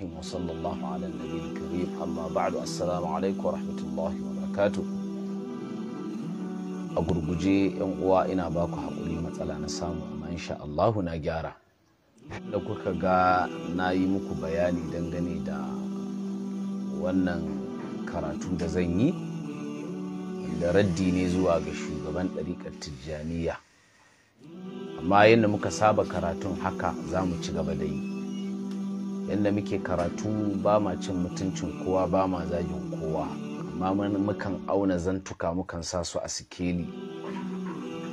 الرحيم وصلى الله على النبي الكريم أما بعد السلام عليكم ورحمة الله وبركاته a gurguje yan uwa ina baku haƙuri matsala na samu amma insha Allahu na gyara da kuka ga na yi muku bayani dangane da wannan karatu da zan yi da raddi ne zuwa ga shugaban ɗariƙar tijjaniya amma yadda muka saba karatun haka za mu ci gaba da yi yadda muke karatu ba ma cin mutuncin kowa ba ma zagin kowa amma mukan auna zantuka mukan sa su a sikeli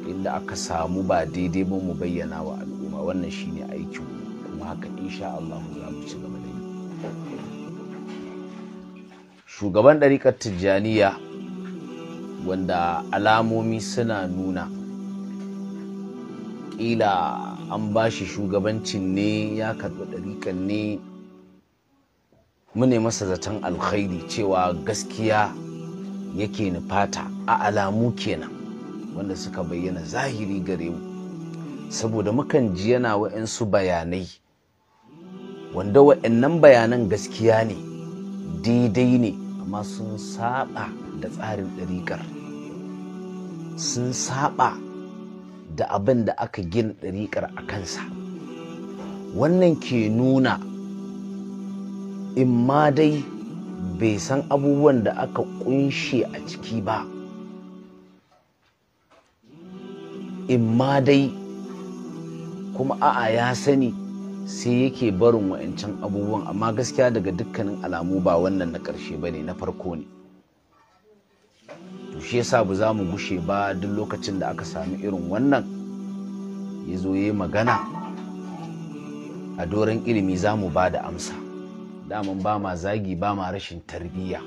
inda aka samu ba daidai ba mu bayyana wa al'umma wannan shine aikin kuma haka insha Allah za mu ci gaba da yi shugaban ɗariƙar tijjaniya wanda alamomi suna nuna ƙila an ba shi shugabancin ne ya karɓi ɗariƙar ne mune masa zaton alkhairi cewa gaskiya yake nufata a alamu kenan wanda suka bayyana zahiri gare mu saboda mukan ji yana wa'insu bayanai wanda wa'annan bayanan gaskiya ne daidai ne amma sun saba da tsarin ɗariƙar sun saba da abin da aka gina ɗariƙar a kansa wannan ke nuna in ma dai bai san abubuwan da aka kunshe a ciki ba in ma dai kuma a'a ya sani sai yake barin wa'ancan abubuwan amma gaskiya daga dukkanin alamu ba wannan na ƙarshe ba ne na farko ne to shi yasa ba za mu gushe ba duk lokacin da aka sami irin wannan ya zo ya magana a doron ilimi za mu ba da amsa daman ba ma zagi ba ma rashin tarbiyya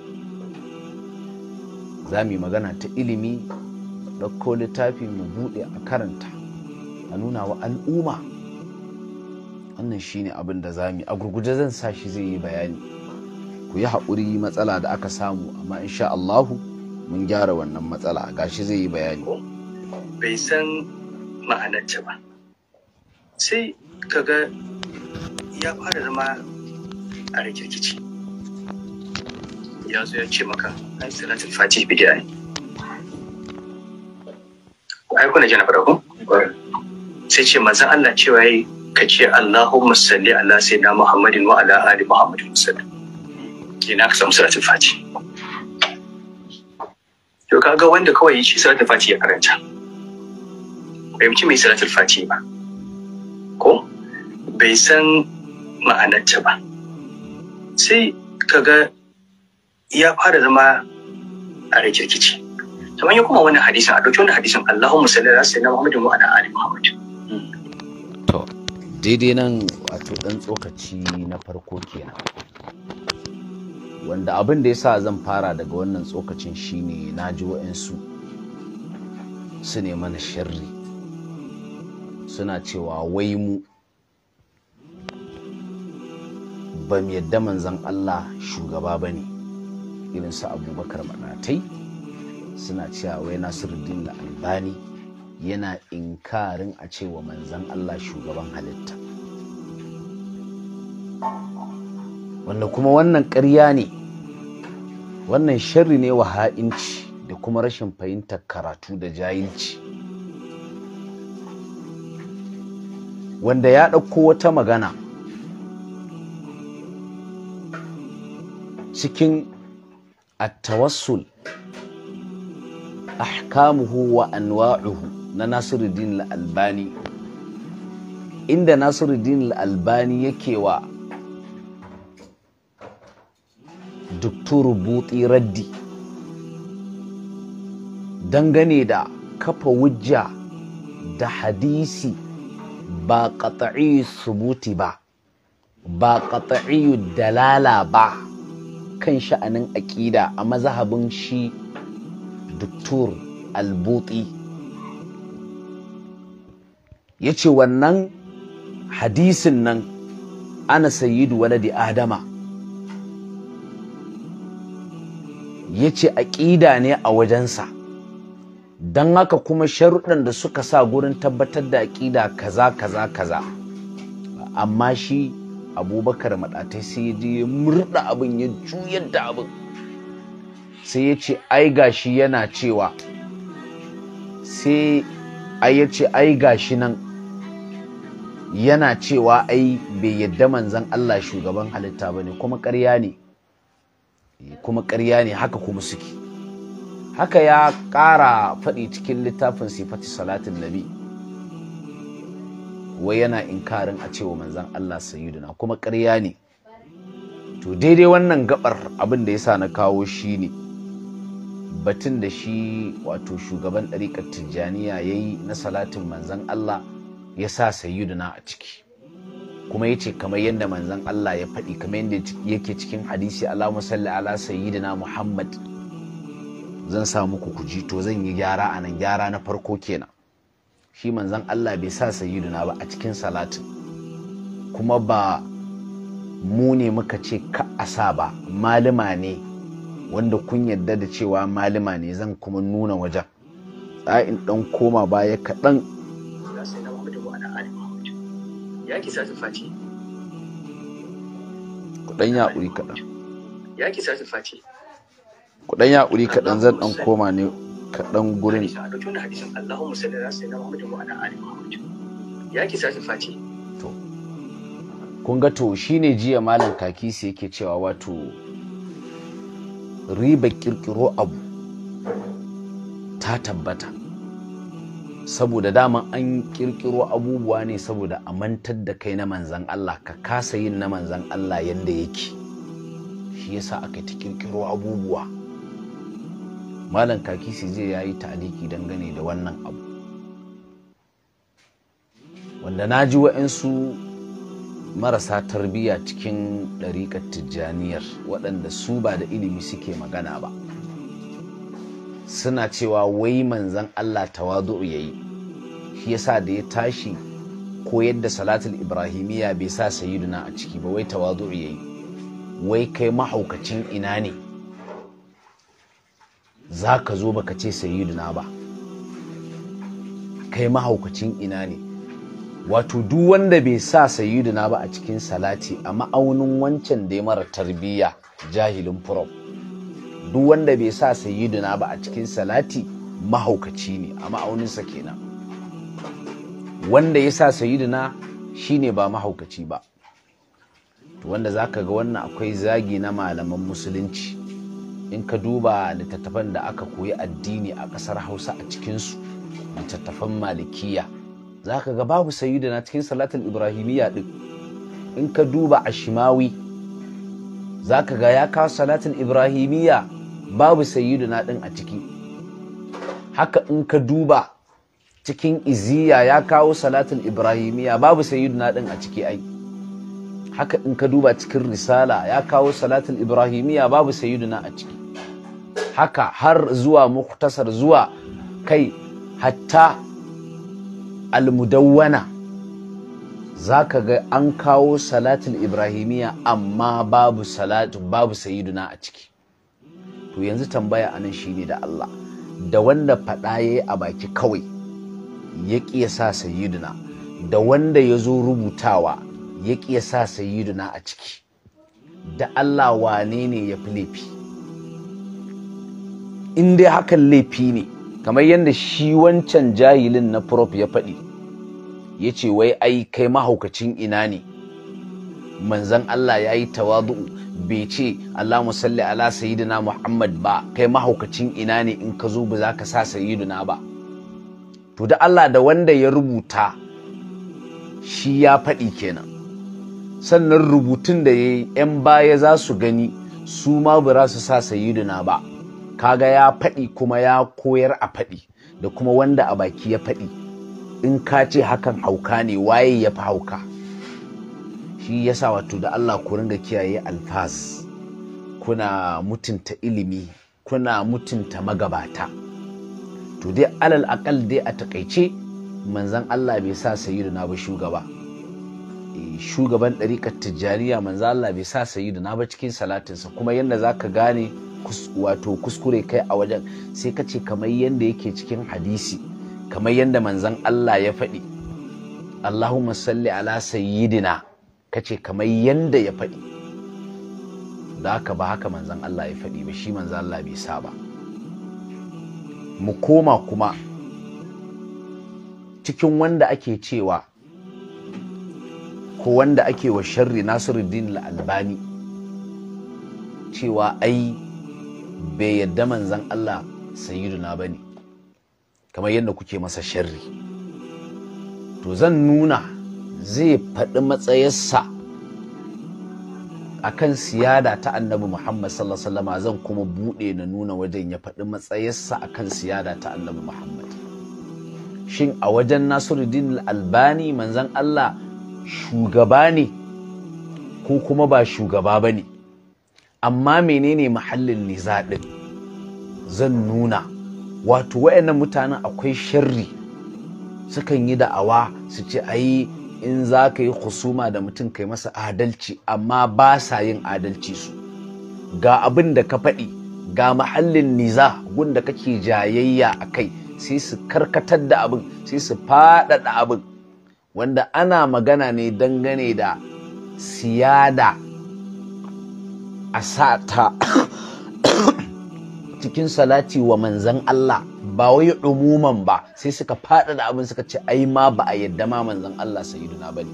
za mu yi magana ta ilimi ɗauko littafi mu buɗe a karanta a nuna wa al'umma wannan shine abin da za mu a gurguje zan sa shi zai yi bayani ku yi haƙuri matsala da aka samu amma insha Allahu mun gyara wannan matsala ga shi zai yi bayani bai san ce ba sai kaga ya fara zama a rikirkici ya zo ya ce maka ai salatul fatih bid'a ne ai kuna jana fara sai ce manzon Allah cewa yayi ka ce Allahumma salli ala sayyidina Muhammadin wa ala ali Muhammadin sallam kina ka samu salatul Fati. to kaga wanda kawai yi shi salatul Fati ya karanta fahimci mai salatul Fati ba ko bai san ma'anarta ba sai kaga ya fara zama a rikirkici kamar yi kuma wani hadisin a ɗauki wani hadisin Allahumma salli ala sayyidina Muhammadin wa ala ali Muhammad to daidai nan wato dan tsokaci na farko kenan wanda abin da yasa zan fara daga wannan tsokacin shine na ji wa'ansu su ne mana sharri suna cewa wai mu ba mu yadda manzan Allah shugaba ba ne irin su abubakar manatai suna cewa wai nasiruddin da albani yana inkarin a cewa manzan Allah shugaban halitta wanda kuma wannan ƙarya ne wannan sharri ne wa ha'inci da kuma rashin fahimtar karatu da jahilci wanda ya ɗauko wata magana cikin attawassul ahkamuhu wa anwa'uhu na Nasiruddin al-Albani inda Nasiruddin al-Albani yake wa Dr. Buti Raddi dangane da kafa wujja da hadisi ba qat'i subuti ba ba qat'i dalala ba kan sha'anin aƙida a mazahabin shi duktur albuti ya ce wannan hadisin nan ana sayidu waladi adama ya ce aƙida ne a wajensa don haka kuma sharuɗan da suka sa gurin tabbatar da aƙida kaza kaza kaza amma shi abubakar maɗatai sai ya je ya murɗa abin ya juyar da abin sai ya ce ai gashi yana cewa sai ai ya ce ai gashi nan yana cewa ai bai yadda manzan Allah shugaban halitta ba ne kuma ƙarya ne eh, kuma ƙarya ne haka kuma suke haka ya ƙara faɗi cikin littafin sifati salatin nabi wai yana inkarin a cewa manzan Allah na kuma karya ne to daidai wannan gabar abin da sa na kawo shi ne batun da shi wato shugaban ɗariƙar tijjaniya ya yi na salatin manzan Allah ya sa sayyiduna a ciki kuma ya ce kamar yadda manzan Allah ya faɗi kamar yadda yake cikin hadisi ala musalli ala sayyidina Muhammad zan sa muku kuji to zan yi gyara a nan gyara na farko kenan shi manzan Allah bai sa sayyiduna ba a cikin salatin kuma ba mu ne muka ce ka asa ba malima ne wanda kun yadda da cewa malima ne zan kuma nuna wajen tsa'in dan koma baya kaɗan ya kudan ya uri kaɗan kudan ya uri kaɗan zan dan koma ne kaɗan gurin kun ga to shi ne jiya malam kakisi yake cewa wato riba kirkiro abu ta tabbata saboda daman an kirkiro abubuwa ne saboda a mantar da kai na manzan Allah ka kasa yin na manzan Allah yadda yake shi yasa aka ta kirkiro abubuwa malam shi zai yayi taliki ta'aliki dangane da wannan abu wanda na ji wa'insu marasa tarbiyya cikin ɗariƙar tijjaniyar waɗanda su ba da ilimi suke magana ba suna cewa wai manzan allah tawadu'u ya yi shi yasa da ya tashi ko yadda salatul ibrahimiyya bai sa sayiduna a ciki ba wai tawadu'u ya yi wai kai mahaukacin ina ne za ka zo baka ce na ba kai mahaukacin ina ne wato duk wanda bai sa na ba a cikin salati a ma'aunin wancan da ya mara tarbiyya jahilin furof duk wanda bai sa na ba a cikin salati mahaukaci ne a ma'auninsa kenan wanda ya sa na shine ba mahaukaci ba wanda zaka ga wannan akwai zagi na malaman musulunci in ka duba littattafan da aka koyi addini a ƙasar hausa a cikinsu littattafan malikiya za ka ga babu na cikin salatul ibrahimiyya din in ka duba a shimawi za ka ga ya kawo salatul ibrahimiyya babu na din a ciki haka in ka duba cikin iziya ya kawo salatul ibrahimiyya babu na din a ciki ai haka in ka duba cikin risala ya kawo salatul ibrahimiyya babu sayyiduna a ciki haka har zuwa muktasar zuwa kai hatta almudawwana za ka ga an kawo salatul ibrahimiya amma babu salatu babu sayiduna a ciki to yanzu tambaya a anan shine da Allah da wanda faɗa ya a baki kawai ya ƙi sayiduna da wanda ya zo rubutawa ya ƙi sa sayiduna a ciki da Allah wane ne ya fi laifi in dai hakan laifi ne kamar yadda shi wancan jahilin na prof ya faɗi ya ce wai ai kai mahaukacin ina ne manzan Allah ya yi tawadu'u bai ce Allah musalli ala sayyidina Muhammad ba kai mahaukacin ina ne in ka zo ba za ka sa sayyidina ba to da Allah da wanda ya rubuta shi ya faɗi kenan sannan rubutun da ya yi 'yan baya za su gani su ma ba za su sa sayiduna ba kaga ya faɗi kuma ya koyar a faɗi da kuma wanda a baki ya faɗi in ka ce hakan hauka ne waye ya fi hauka shi yasa wato da Allah ku ringa kiyaye alfas kuna mutunta ilimi kuna mutunta magabata to dai alal akal dai a takaice manzan Allah bai sa sayyiduna ba shugaba eh, shugaban ɗariƙar tijjaniya manzan Allah bai sa sayyiduna ba cikin salatinsa kuma yadda za ka gane wato kuskure kai a wajen sai ka ce kamar yadda yake cikin hadisi kamar yadda manzan Allah ya faɗi Allahumma salli ala sayyidina ka ce kamar yadda ya faɗi da haka ba haka manzan Allah ya faɗi ba shi manzan Allah bai sa ba mu koma kuma cikin wanda ake cewa ko wanda ake wa sharri Nasiruddin al-Albani cewa ai bai yadda manzan Allah sayyiduna ba ne kamar yadda kuke masa sharri to zan nuna zai faɗi matsayarsa a kan siyada ta annabi Muhammad sallallahu alaihi wasallam zan kuma buɗe na nuna wajen ya faɗi matsayarsa a kan siyada ta annabi Muhammad shin a wajen Nasiruddin Albani manzan Allah shugaba ne ko kuma ba shugaba ba ne amma menene mahallin niza ɗin zan nuna wato wayannan mutanen akwai sharri sukan yi da'awa su ce ayi in za ka yi husuma da mutum kai masa adalci amma ba sa yin adalci su ga abin da ka faɗi ga mahallin niza gunda kake jayayya a kai sai su karkatar da abin sai su faɗaɗa abin wanda ana magana ne dangane da siyada a sa ta cikin salati wa manzan Allah ba wai umuman ba sai suka fada da abin suka ce ai ma ba a yadda ma manzan Allah sayyiduna bane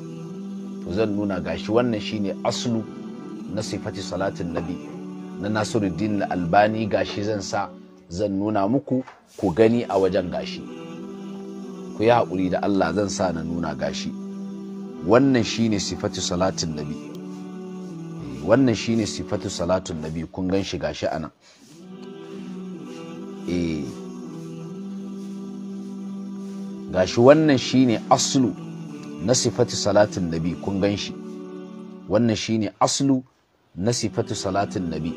to zan nuna gashi wannan shine aslu na sifati salatin nabi na Nasiruddin Albani gashi zan sa zan nuna muku ku gani a wajen gashi ku yi haƙuri da Allah zan sa na nuna gashi wannan shine sifati salatin nabi wannan shine sifatu salatun nabi kun gan shi gashi anan eh gashi wannan shine aslu na sifatu salatun nabi kun gan shi wannan shine aslu na sifatu salatun nabi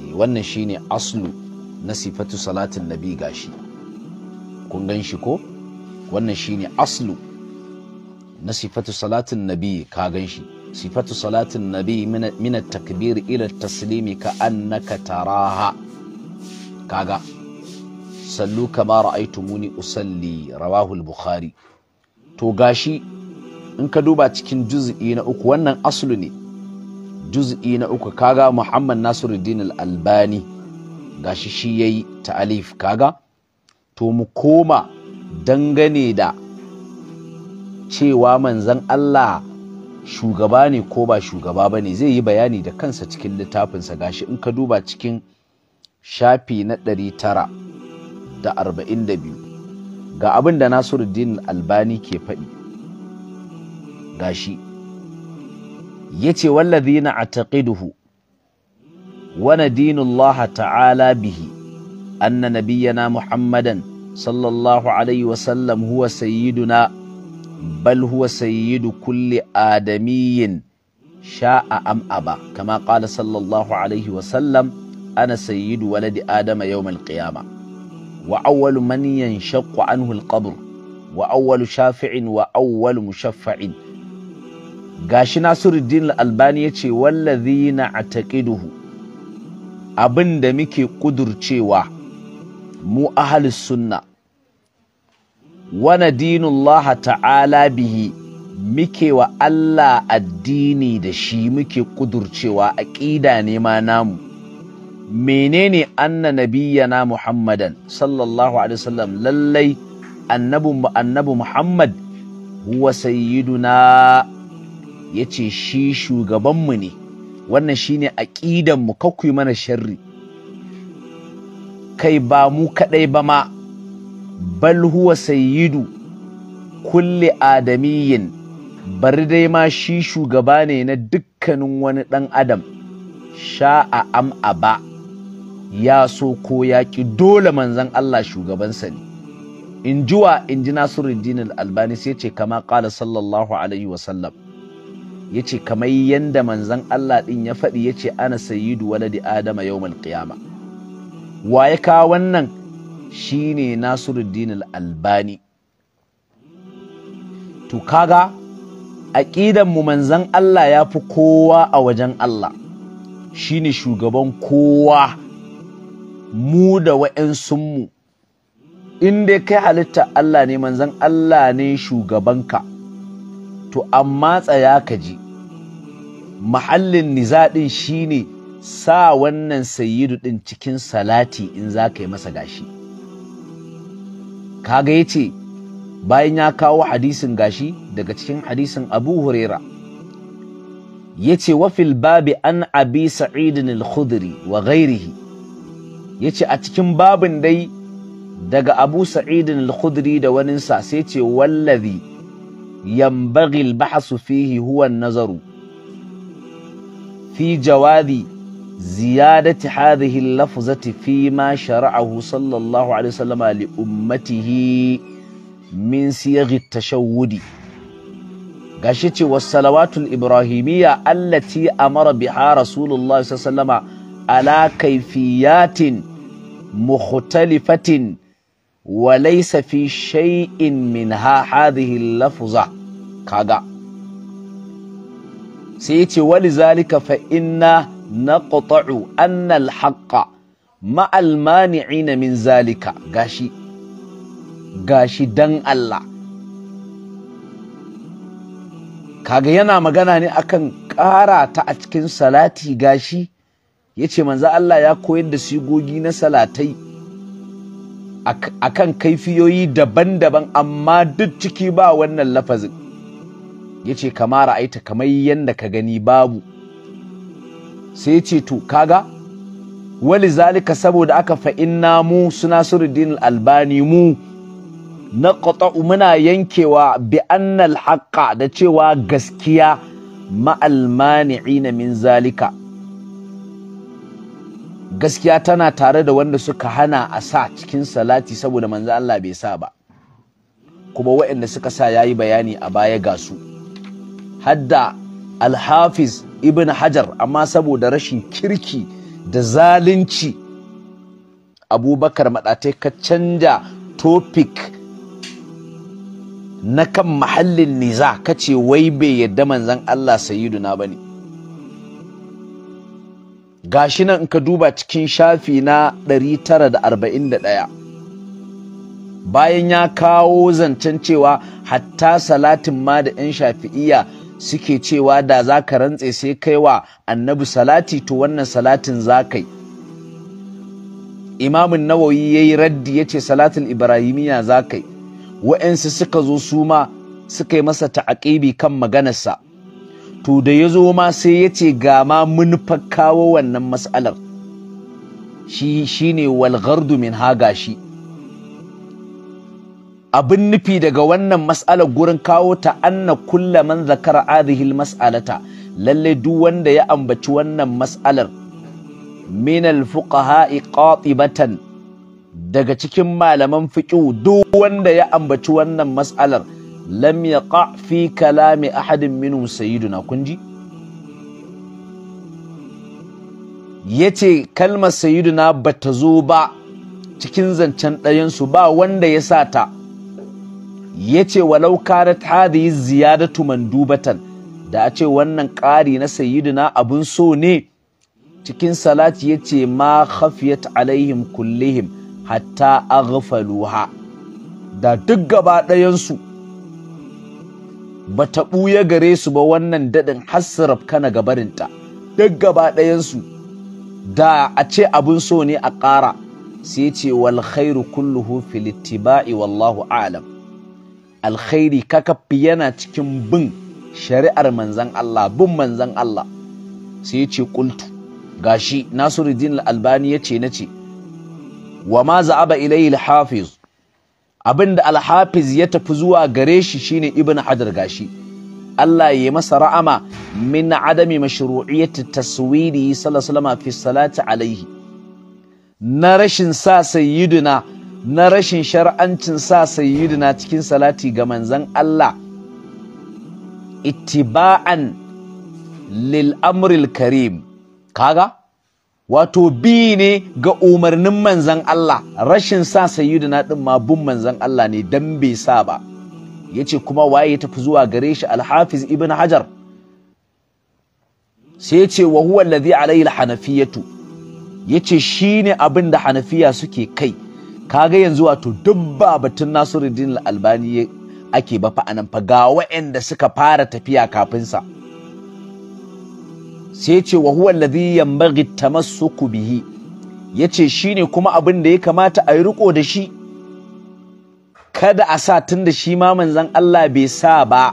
eh, wannan shine aslu na sifatu salatun nabi gashi kun gan shi ko wannan shine aslu na sifatu salatun nabi ka gan shi sifatu salatin nabi mina takbir ila taslimi ka annaka taraha kaga sallu kama muni usalli rawahu al-bukhari to gashi in ka duba cikin juz'i na uku wannan aslu ne juz'i na uku kaga muhammad nasiruddin al-albani gashi shi yayi ta'alif kaga to mu koma dangane da cewa manzan Allah shugaba ne ko ba shugaba ba ne zai yi bayani da kansa cikin littafinsa gashi in ka duba cikin shafi na ɗari da arba'in ga abin da nasiruddin albani ke faɗi gashi ya ce wallazi na a taƙiduhu wani dinullah ta'ala bihi anna nabiyyana muhammadan sallallahu alaihi wasallam huwa sayyiduna bal sayyidu kulli Adamiyin sha'a am aba kama qala sallallahu alaihi wa sallam ana sayyidu waladi adama yawmal qiyama wa awwalu man yanshaqqu anhu al-qabr wa awwalu shafi'in wa awwalu mushaffa'in gashi Nasiruddin al-Albani yace wallazina ataqiduhu abinda muke kudurcewa mu ahlus sunna wana dinullah ta'ala bihi muke wa Allah addini da shi muke kudurcewa aƙida ne ma namu menene anna nabiyyana muhammadan sallallahu alaihi wasallam lallai annabu annabu muhammad huwa sayyiduna yace shi shugabanmu ne wannan shine aqidan mu kakku mana sharri kai ba mu kadai ba ma bal huwa sayyidu kulli adamiyin bari dai ma shi shugaba ne na dukkanin wani ɗan adam sha'a am aba ya so ko ya ƙi dole manzan Allah shugabansa ne in ji wa in ji Nasiruddin Albani sai ce kama ƙala sallallahu alaihi wasallam ya ce kamar yadda manzan Allah ɗin ya faɗi yace ana sayyidu waladi adama yawmal ƙiyama. wa ya kawo wannan shine Nasiruddin Al-Albani to kaga aqidan mu manzan Allah ya fi kowa a wajen Allah shine shugaban kowa mu da wa'ansun mu in kai halitta Allah ne manzan Allah ne shugabanka to amma tsaya ka ji mahallin nizaɗin shine sa wannan sayidu ɗin cikin salati in za ka yi masa gashi. kaga ya ce bayan ya kawo hadisin gashi daga cikin hadisin abu huraira ya ce wafil babi an abi sa'idin al-khudri wa ghairihi ya ce a cikin babin dai daga abu sa'idin al-khudri da waninsa sai ce wallazi yambagil al-bahsu fihi huwa nazaru fi jawadi. زيادة هذه اللفظة فيما شرعه صلى الله عليه وسلم لأمته من صيغ التشود قشت والسلوات الإبراهيمية التي أمر بها رسول الله صلى الله عليه وسلم على كيفيات مختلفة وليس في شيء منها هذه اللفظة كذا سيتي ولذلك فإن naqta'u anna al-haqqa ma'al mani'ina min zalika gashi gashi dan Allah kaga yana magana ne akan ƙara ta a cikin salati gashi yace ce manzo Allah ya koyar da sigogi na salatai akan kaifiyoyi daban-daban amma duk ciki ba wannan lafazin yace ce kamar aita kamar yanda ka gani babu sai ya ce to kaga wali zalika saboda aka fa'inna mu suna suruddin albani mu na muna yankewa bi annal da cewa gaskiya ma'almani'ina min zalika gaskiya tana tare da wanda suka hana a sa cikin salati saboda manzo Allah bai sa ba kuma waɗanda suka sa ya yi bayani a baya ga su hadda alhafiz ibn hajar amma saboda rashin kirki da zalunci abubakar maɗatai ka canja topic na kan mahallin niza ka ce wai bai yadda manzan Allah sayiduna ba ne gashi nan in ka duba cikin shafi na 941 bayan ya kawo zancen cewa hatta salatin ma da 'yan shafi'iya suke cewa da za ka rantse sai kai wa annabi salati to wannan salatin za ka yi imamun nawawi ya yi raddi ya ce salatul ibrahimiya za ka yi wa'yansu suka zo su ma suka yi masa ta'aƙibi kan maganarsa to da ya zo ma sai ya ce ga ma mun kawo wannan mas'alar shi shine walgardu min haga shi abin nufi daga wannan mas'alar gurin kawo ta anna kulla man zakara adihil mas'alata lalle duk wanda ya ambaci wannan mas'alar min alfuqaha'i qatibatan daga cikin malaman fiqh duk wanda ya ambaci wannan mas'alar lam yaqa fi kalami ahadin minu sayyiduna kunji yace kalmar sayyiduna bata zo ba cikin zancen ɗayansu ba wanda ya sa ta ya ce walau kanat hadhihi ziyadatu mandubatan da a ce wannan ƙari na sayyidina abun so ne cikin salati ya ce ma khafiyat alaihim kullihim hatta aghfaluha da duk gaba ɗayansu ba ta ɓuya gare su ba wannan daɗin hassaraf kana gabarinta duk gaba ɗayansu da a ce abun so ne a ƙara sai ce wal khairu kulluhu fil ittiba'i wallahu a'lam alkhairi kakaffi yana cikin bin shari'ar manzan Allah bin manzan Allah sai ya ce kultu gashi Nasiruddin al-Albani ya ce nace wa ma za'aba ilayhi al-Hafiz abinda al-Hafiz ya tafi zuwa gare shi shine Ibn Hajar gashi Allah ya masa ra'ama min adami mashru'iyyati taswiri sallallahu alaihi wasallam fi salati alaihi na rashin sa sayyidina na rashin shar'ancin sa sayyidina cikin salati ga manzan Allah ittiba'an lil amril karim kaga wato bi ne ga umarnin manzan Allah rashin sa sayyidina ɗin ma bin manzan Allah ne dan bai sa ba yace kuma waye tafi zuwa gare shi al-hafiz ibn hajar sai yace wa huwa alladhi alayhi al-hanafiyatu yace shine abin da hanafiya suke kai kaga yanzu wato duk ba batun Nasiruddin Albani ake ba fa anan fa ga waɗanda suka fara tafiya kafin sa sai ce wa huwa alladhi yanbaghi tamassuku bihi yace shine kuma abin da ya kamata a yi riko da shi kada a sa tunda shi ma manzon Allah bai sa ba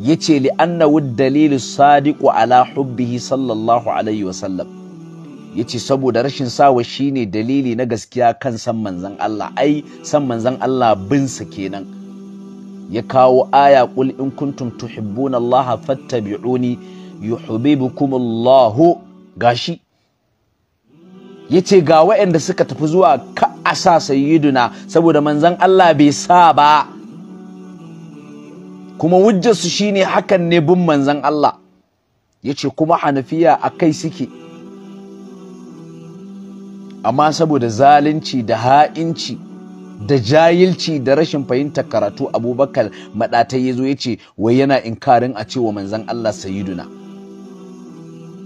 yace li wad dalilu sadiqu ala hubbihi sallallahu alaihi wasallam ya ce saboda rashin sawa shine dalili na gaskiya kan san manzan Allah ai san manzan Allah binsa kenan ya kawo aya kul in kuntum tuhibbuna Allah fattabi'uni yuhibbukum Allah gashi ya ce ga waɗanda suka tafi zuwa ka asa sayyiduna saboda manzan Allah bai sa ba kuma wujjarsu shine hakan ne bin manzan Allah yace kuma hanafiya a kai suke amma saboda zalunci da ha'inci da jahilci da rashin fahimtar karatu abubakar maɗatai ya zo ya ce wai yana inkarin a cewa manzan Allah sayiduna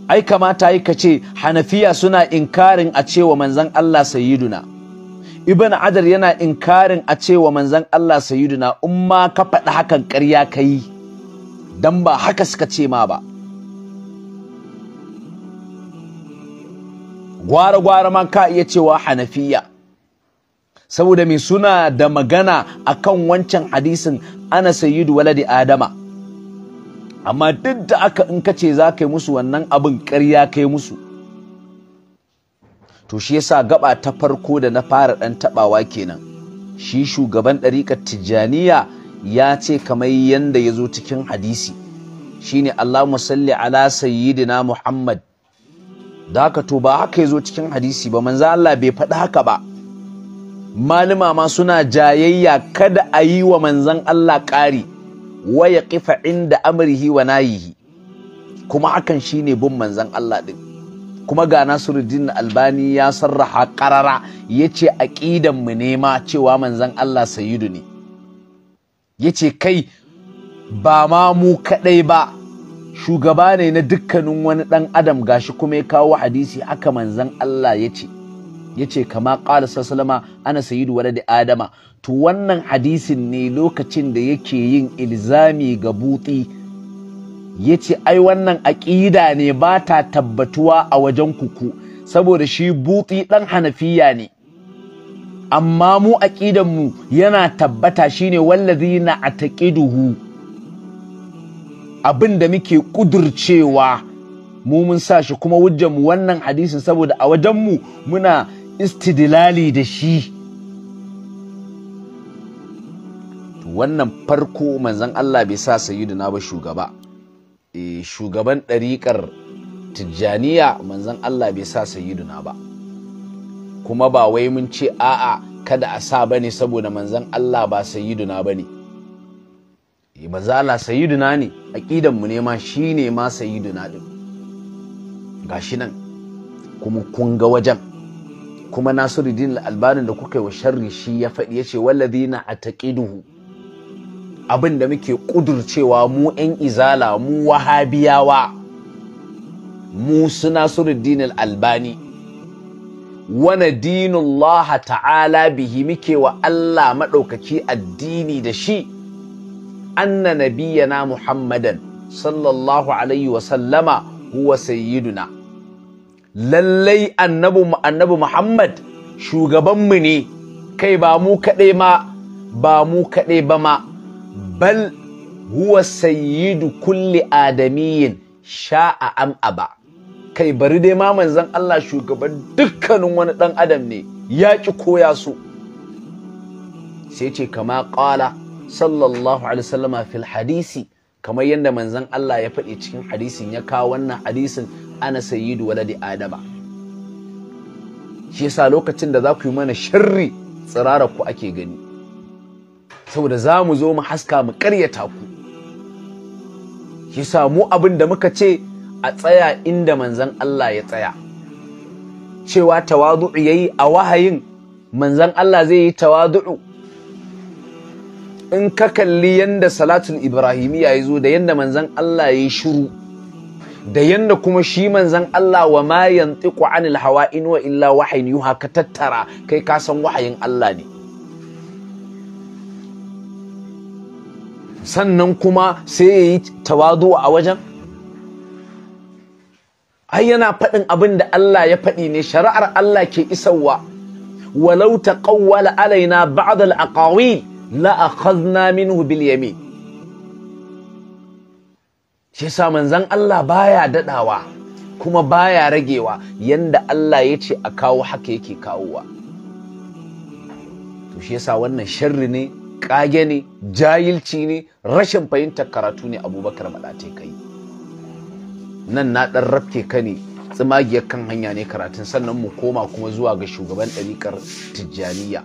ai kamata yi ka ce hanafiya suna inkarin a cewa manzan Allah sayiduna ibn adar yana inkarin a cewa manzan Allah sayiduna in ma ka faɗi hakan karya ka yi don ba haka suka ce ma ba gwara gwara ma ka iya cewa hanafiya saboda mai suna da magana akan wancan hadisin ana sayyidu waladi adama amma duk da aka in ka ce za ka yi musu wannan abin ƙarya kai musu to shi yasa gaba ta farko da na fara ɗan taɓawa kenan shi shugaban ɗariƙar tijjaniya ya ce kamar yadda ya zo cikin hadisi shine Allahumma salli ala sayyidina Muhammad da haka to ba haka ya zo cikin hadisi ba Manza Allah bai faɗi haka ba malama ma suna jayayya kada a yi wa manzan Allah ƙari Waya ya ƙifa inda amrihi wa nayihi kuma hakan shine bin manzon Allah din kuma ga Nasiruddin Albani ya sarraha ƙarara yace aqidan mu ne ma cewa manzan Allah sayyidu ne yace kai ba ma mu kadai ba shugaba ne na dukkanin wani ɗan adam shi kuma ya kawo hadisi haka manzan Allah ya ce ya ce kama ƙala sassalama ana sayidu wadda da adama to wannan hadisin ne lokacin da yake yin ilzami ga buti ya ce ai wannan aƙida ne ba ta tabbatuwa a wajen kuku saboda shi buti ɗan hanafiya ne amma mu aƙidanmu yana tabbata shine wallazi na a taƙiduhu. abin da muke ƙudurcewa mu mun sa shi kuma mu wannan hadisin saboda a wajenmu muna istidilali da shi wannan farko manzan Allah bai sa na ba shugaba eh, shugaban ɗariƙar tijjaniya manzan Allah bai sa na ba kuma ba wai mun ce a'a kada a sa bane saboda manzan Allah ba ba bane bazala. Eh, Sayidu sayyiduna ne aqidan mu ne ma shine ma sayyiduna din gashi nan kuma kun ga wajen kuma Nasiruddin al-Albani da kuka yi wa sharri shi ya faɗi yace walladina ataqiduhu abin da muke ƙudurcewa mu 'yan izala mu wahabiyawa mu suna suruddin albani wane dinullah ta'ala bihi muke wa Allah maɗaukaki addini da shi anna nabiyyana Muhammadan sallallahu alaihi wa sallama huwa sayyiduna lallai annabi annabi Muhammad shugabanmu ne kai ba mu kaɗai ma ba mu kaɗai ba ma bal huwa sayyidu kulli adamiyin sha'a am aba kai bari dai ma manzon Allah shugaban dukkanin wani ɗan adam ne ya ki koya su sai ce kama ƙwala sallallahu alaihi wasallama fil hadisi kamar yadda manzon Allah ya faɗi cikin hadisin ya kawo wannan hadisin ana sayyidu waladi adama shi yasa lokacin da za ku yi mana sharri tsirara ku ake gani saboda za mu zo mu haska mu ƙaryata ku shi yasa mu abin da muka ce a tsaya inda manzon Allah ya tsaya cewa tawadu'u yayi a wahayin manzon Allah zai yi tawadu'u in ka kalli yanda salatul Ibrahim ya zo da yanda manzan Allah ya yi shiru da yanda kuma shi manzan Allah wa ma yantiqu anil hawa in wa illa wahayin yuha ka tattara kai ka san wahayin Allah ne sannan kuma sai ya yi tawadu a wajen ai yana faɗin abin da Allah ya faɗi ne shari'ar Allah ke isarwa walau taqawwala alaina ba'd al-aqawil la'akhazna minhu bil yamin shi yasa manzon Allah baya dadawa kuma baya ragewa yanda Allah ya ce a kawo haka yake kawowa to shi yasa wannan sharri ne kage ne jahilci ne rashin fahimtar karatu ne abubakar maɗate kai nan na ɗan rafke ka ne tsimagiyar kan hanya ne karatun sannan mu koma kuma zuwa ga shugaban ɗariƙar tijjaniya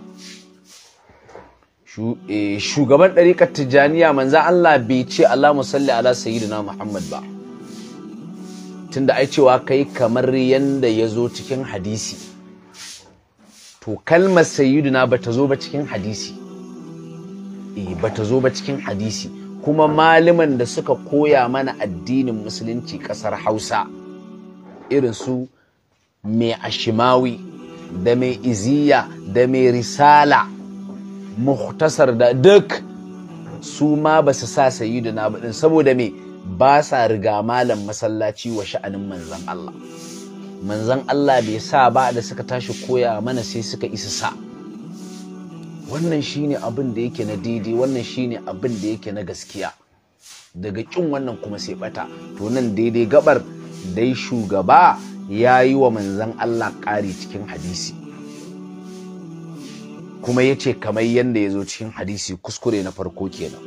Eh, shugaban ɗariƙar tijjaniya manzan Allah bai ce Allah musalli ala sayyidina Muhammad ba tunda ai cewa kai kamar yanda ya zo cikin hadisi to kalmar sayyidina ba ta zo ba cikin hadisi eh, ba ta zo ba cikin hadisi kuma malaman da suka koya mana addinin musulunci ƙasar hausa irin su mai ashimawi da mai iziya da mai risala muhtasar da duk su ma ba su sa sayi da din saboda me ba sa riga malam masallaci wa sha'anin manzon Allah manzon Allah bai sa ba da suka tashi koya mana sai suka isa sa wannan shine abin da yake na daidai wannan shine abin da yake na gaskiya daga kin wannan kuma sai bata to nan daidai gabar dai shugaba ya yi wa manzon Allah ƙari cikin hadisi kuma ya ce kamar yadda ya zo cikin hadisi kuskure na farko kenan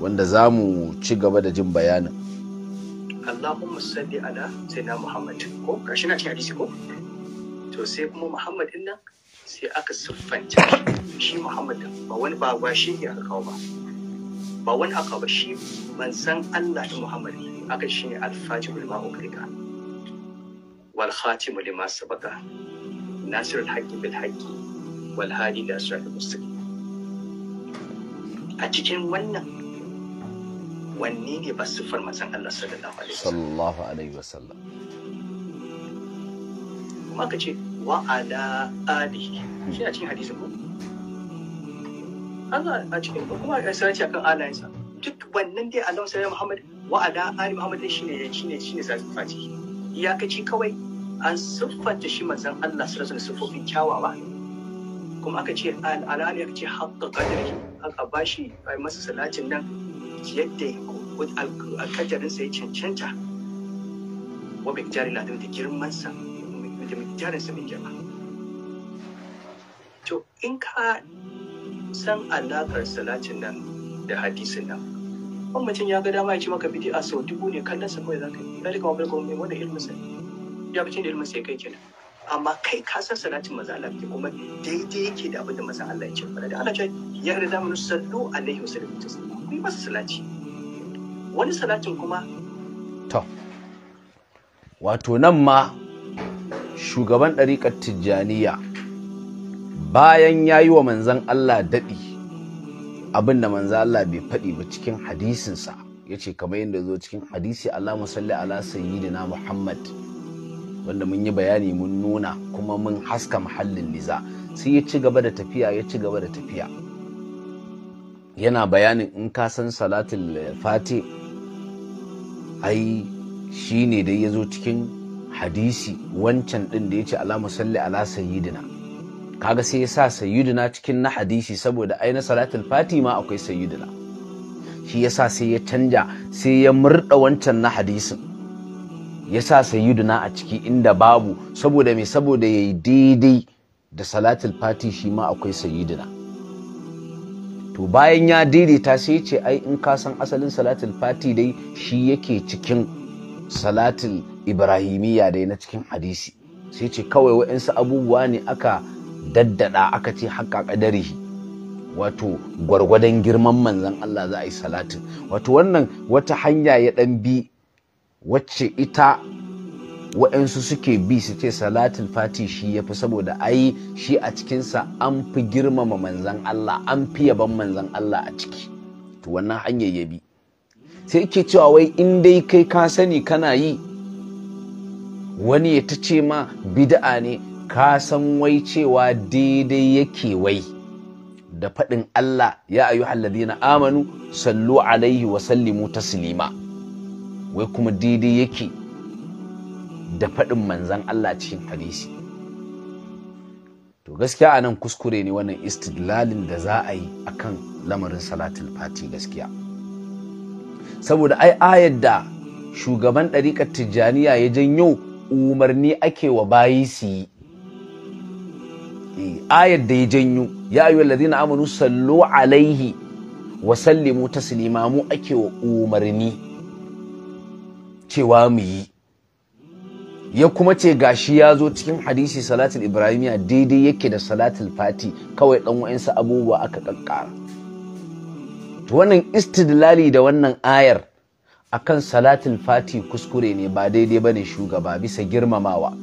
wanda za mu ci gaba da jin bayanin Allahumma salli ala sayyidina Muhammad ko gashi na cikin hadisi ko to sai kuma Muhammad din nan sai aka siffanta shi Muhammad ba wani ba ba shi ne aka kawo ba ba wani aka ba shi manzon Allah da Muhammad aka shi ne al-fatihul ma'ukrika wal khatimu lima sabaka nasirul haqqi bil haqqi walhali da asirar musulmi a cikin wannan wanne ne ba siffar manzon Allah sallallahu alaihi wasallam kuma ka ce wa ala alihi shi a cikin hadisi ko Allah a cikin kuma ya sace akan alayensa duk wannan dai Allah sai Muhammad wa ala ali Muhammad shine shine shine sai fati iyakaci kawai an siffanta shi manzon Allah sallallahu alaihi wasallam siffofin kyawawa kuma aka ce al'ala aka ce haƙƙa ƙadari aka ba shi a masa salatin nan yadda alƙadarin ya cancanta wa mai jari ladin da girman sa da mai jarin sa mai to in ka san alaƙar salatin nan da hadisin nan wani mutum ya ga dama ya ce maka a sau dubu ne kallon sa kawai za ka yi ya rika kawai mai wani ilmi sai ya fi da ilmi sai ya kai kenan amma kai ka san salatin maza Allah ke kuma daidai yake da abin da maza Allah ya ce da Allah ce ya rida mun sallu alaihi wasallam ta ku yi masa salati wani salatin kuma to wato nan ma shugaban ɗariƙar tijjaniya bayan ya yi wa manzan Allah daɗi abin da manzan Allah bai faɗi ba cikin hadisinsa ya ce kamar yadda zo cikin hadisi Allah musalli ala sayyidina Muhammad wanda mun yi bayani mun nuna kuma mun haska muhallin niza sai ya ci gaba da tafiya ya ci gaba da tafiya yana bayanin in ka san salatin fati ai shi ne dai ya zo cikin hadisi wancan ɗin da ya ce ala salli ala sayyidina kaga sai ya sa sayyidina cikin na hadisi saboda ai na salatin fati ma akwai sayyidina shi sa sai ya canja sai ya murɗa wancan na hadisin ya sa sayyiduna a ciki inda babu saboda mai saboda ya yi daidai da salatul fati shi ma akwai sayyiduna to bayan ya daidaita sai ce ai in ka san asalin salatul fati dai shi yake cikin salatul ibrahimiyya dai na cikin hadisi sai ce kawai wa'insu abubuwa ne aka daddada aka ce haƙa ƙadarihi wato gwargwadon girman manzan Allah za a yi salatin wato wannan wata hanya ya ɗan bi wacce ita waɗansu suke bi su ce Salatin fati shi ya fi saboda ayi, shi a cikinsa an fi girmama manzan Allah an fi yaban manzan Allah a ciki to wannan hanyar ya bi sai ke cewa wai in dai kai ka sani kana yi wani ya ta ce ma bida'a ne ka san wai cewa daidai yake wai da faɗin Allah ya ayu ayyuhallazina amanu sallu alaihi wa sallimu taslima wai kuma daidai yake da faɗin manzan Allah cikin hadisi to gaskiya anan kuskure ne wannan istidlalin da za a yi akan lamarin salatul fati gaskiya saboda ai ayar da shugaban ɗariƙar tijjaniya ya janyo umarni ake wa bayi su yi eh, ayar da ya janyo ya ayyuhal ladina amanu sallu alaihi wa sallimu ta mu ake wa umarni cewa mu yi ya kuma ce gashi ya zo cikin hadisi salatul ibrahimiya daidai yake da salatul fati kawai dan wa'insu abubuwa aka kankara to wannan istidlali da wannan ayar akan salatul fati kuskure ne ba daidai bane shugaba bisa girmamawa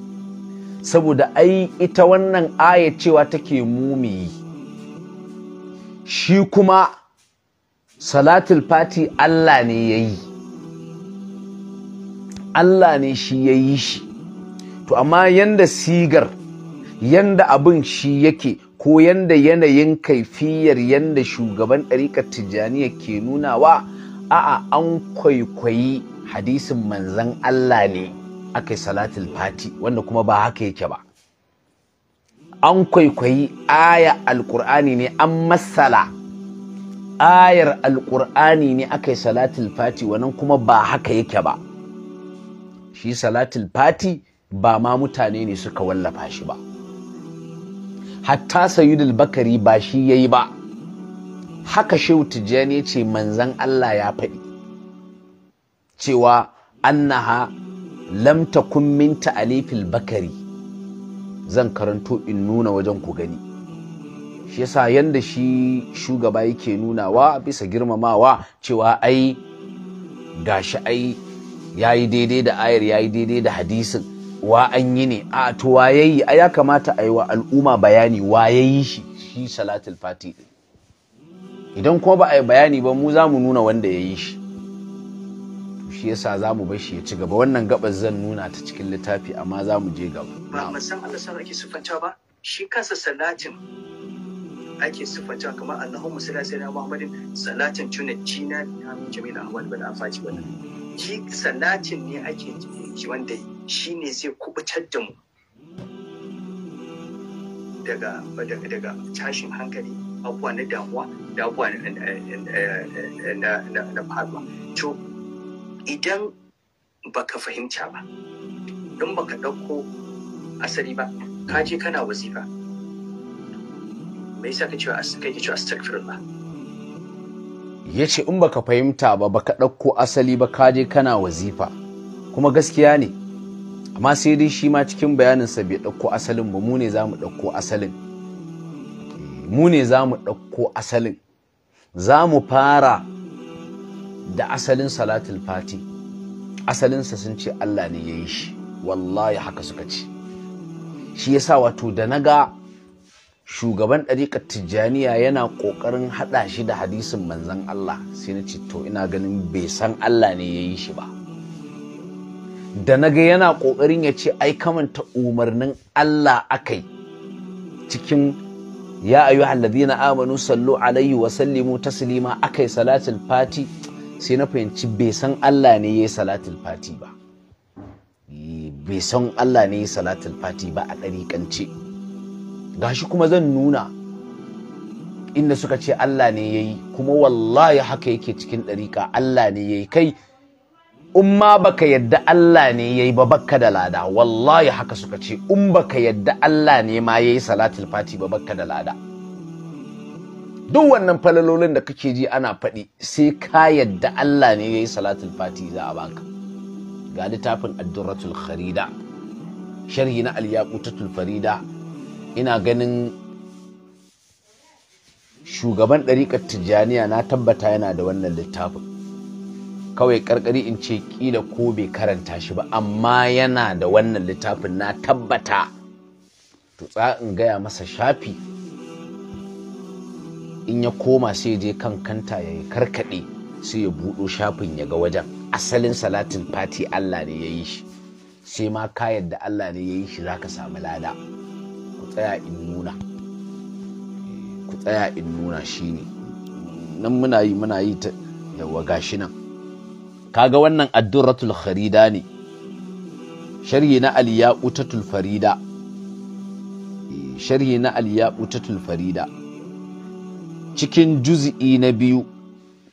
saboda ai ita wannan aya cewa take mumiyi shi kuma salatul fati Allah ne ya yi Allah ne shi ya yi shi to amma yanda sigar yanda abin shi yake ko yanda yanayin kaifiyar yanda shugaban ɗariƙar tijjaniya ke nunawa a'a an kwaikwayi hadisin manzan Allah ne aka yi salatul fati wanda kuma ba haka yake ba an kwaikwayi aya alkur'ani ne an masala ayar alkur'ani ne aka yi salatul fati wannan kuma ba haka yake ba shi salatul fati ba ma mutane ne suka wallafa shi ba hatta sayyidul bakari ba shi yayi ba haka shehu tijjani ce manzan Allah ya faɗi cewa annaha lam takun min ta'alifil bakari zan karanto in nuna wajen ku gani shi yasa yanda shi shugaba yake nunawa bisa girmamawa cewa ai gashi ai ya yi daidai da ayar ya yi daidai da hadisin wa an yi ne a to wa ya yi a ya kamata a yi wa al'umma bayani wa ya yi shi shi salatul fati idan kuma ba a yi bayani ba mu za mu nuna wanda ya yi shi shi yasa za mu bar shi ya ci gaba wannan gabas zan nuna ta cikin littafi amma za mu je gaba ba musan Allah sa ake siffanta ba shi kansa salatin ake siffanta kamar Allahumma salli ala sayyidina Muhammadin salatin tunajjina min jami'a ahwal bal afati wannan shi salatin ne ake ji wanda shi ne zai kubutar da mu daga daga tashin hankali abubuwa na damuwa da abubuwa na faruwa to idan baka fahimta ba don baka ɗauko asali ba ka je kana wazifa mai sa ka ce kai ke cewa ba. ya ce in baka fahimta ba baka ɗauko asali ba ka je kana wazifa kuma gaskiya ne amma sai dai shi ma cikin bayaninsa bai ɗauko asalin ba mu ne za mu ɗauko asalin eh, mu ne za mu ɗauko asalin za mu fara da asalin salatul fati asalinsa sun ce Allah ne ya yi shi wallahi haka suka ce shi yasa wato da na ga shugaban ɗariƙar tijjaniya yana ƙoƙarin haɗa shi da hadisin manzan Allah sai na ce to ina ganin bai san Allah ne ya yi shi ba da na ga yana ƙoƙarin ya ce ai ta umarnin Allah akai cikin ya ayu na amanu sallu alaihi wa sallimu taslima akai salatul fati sai na fahimci bai san Allah ne ya yi salatul fati ba bai san Allah ne ya yi salatul fati ba a ɗariƙance gashi kuma zan nuna inda suka ce Allah ne ya yi kuma wallahi haka yake cikin ɗariƙa Allah ne ya yi kai in baka yadda Allah ne ya yi ba bakka da lada wallahi haka suka ce in baka yadda Allah ne ma ya yi salatul fati ba bakka da lada duk wannan falalolin da kake ji ana faɗi sai ka yadda Allah ne ya yi salatul fati za a baka ga littafin addurratul kharida sharhi na al farida ina ganin shugaban ɗariƙar tijjaniya na tabbata yana da wannan littafin kawai ƙarƙari in ce ƙila ko bai karanta shi ba amma yana da wannan littafin na tabbata to tsa in gaya masa shafi in ya koma sai je kan kanta ya yi karkaɗe sai ya buɗo shafin ya ga wajen asalin salatin fati Allah ne ya yi shi sai ma kayan da Allah ne ya yi shi za ka samu lada. tsaya in nuna ku tsaya in nuna shi ne nan muna yi muna yi ta yawa gashi nan kaga wannan addurratul kharida ne sharhi na aliya utatul farida sharhi na aliya utatul farida cikin juz'i na biyu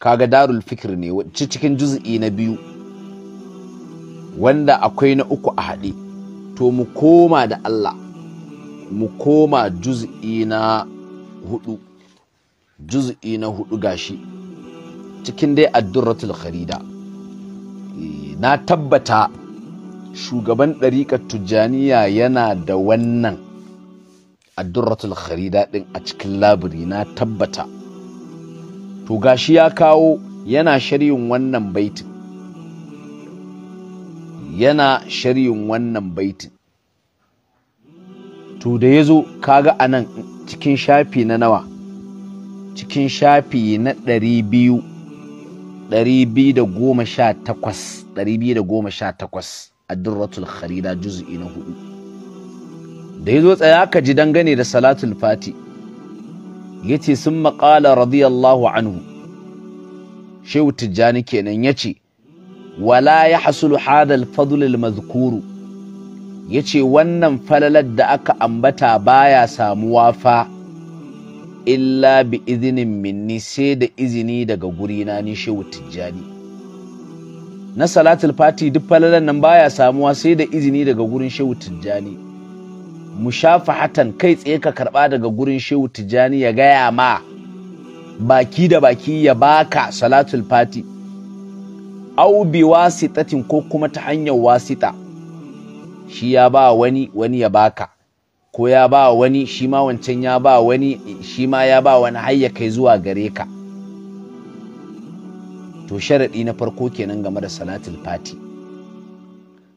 kaga darul fikr ne cikin juz'i na biyu wanda akwai na uku a haɗe to mu koma da Allah mu koma juz'i na hudu juz'i na hudu gashi cikin dai addurratul kharida e, na tabbata shugaban ɗariƙar tujaniya yana da wannan addurratul kharida ɗin a cikin labiri na tabbata to gashi ya kawo yana shari'in wannan baitin yana shari'in wannan baitin to da ya zo kaga a nan cikin shafi na nawa cikin shafi na ɗari biyu da goma sha takwas a durratul kharida juz'i na hudu da ya zo tsaya ka ji dangane da salatul fati ya ce sun maƙala radiyallahu anhu shehu tijjani kenan ya ce wala ya hasulu hadal fadlul mazkuru ya ce wannan falalar da aka ambata baya samuwa fa illa bi izinin minni sai da izini daga gurina ni shehu tijjani na salatul fati duk falalar nan baya samuwa sai da izini daga gurin shehu tijjani Mu shafa hatan kai tsaye ka karba daga gurin shehu tijjani ya gaya ma baki da baki ya baka salatul fati au bi wasitatin ko kuma ta hanyar wasita shi ya ba wani wani ya baka ko ya ba wani shi ma wancan ya ba wani shi ma ya ba wani har ya kai zuwa gare ka to sharaɗi na farko kenan game da salatul fati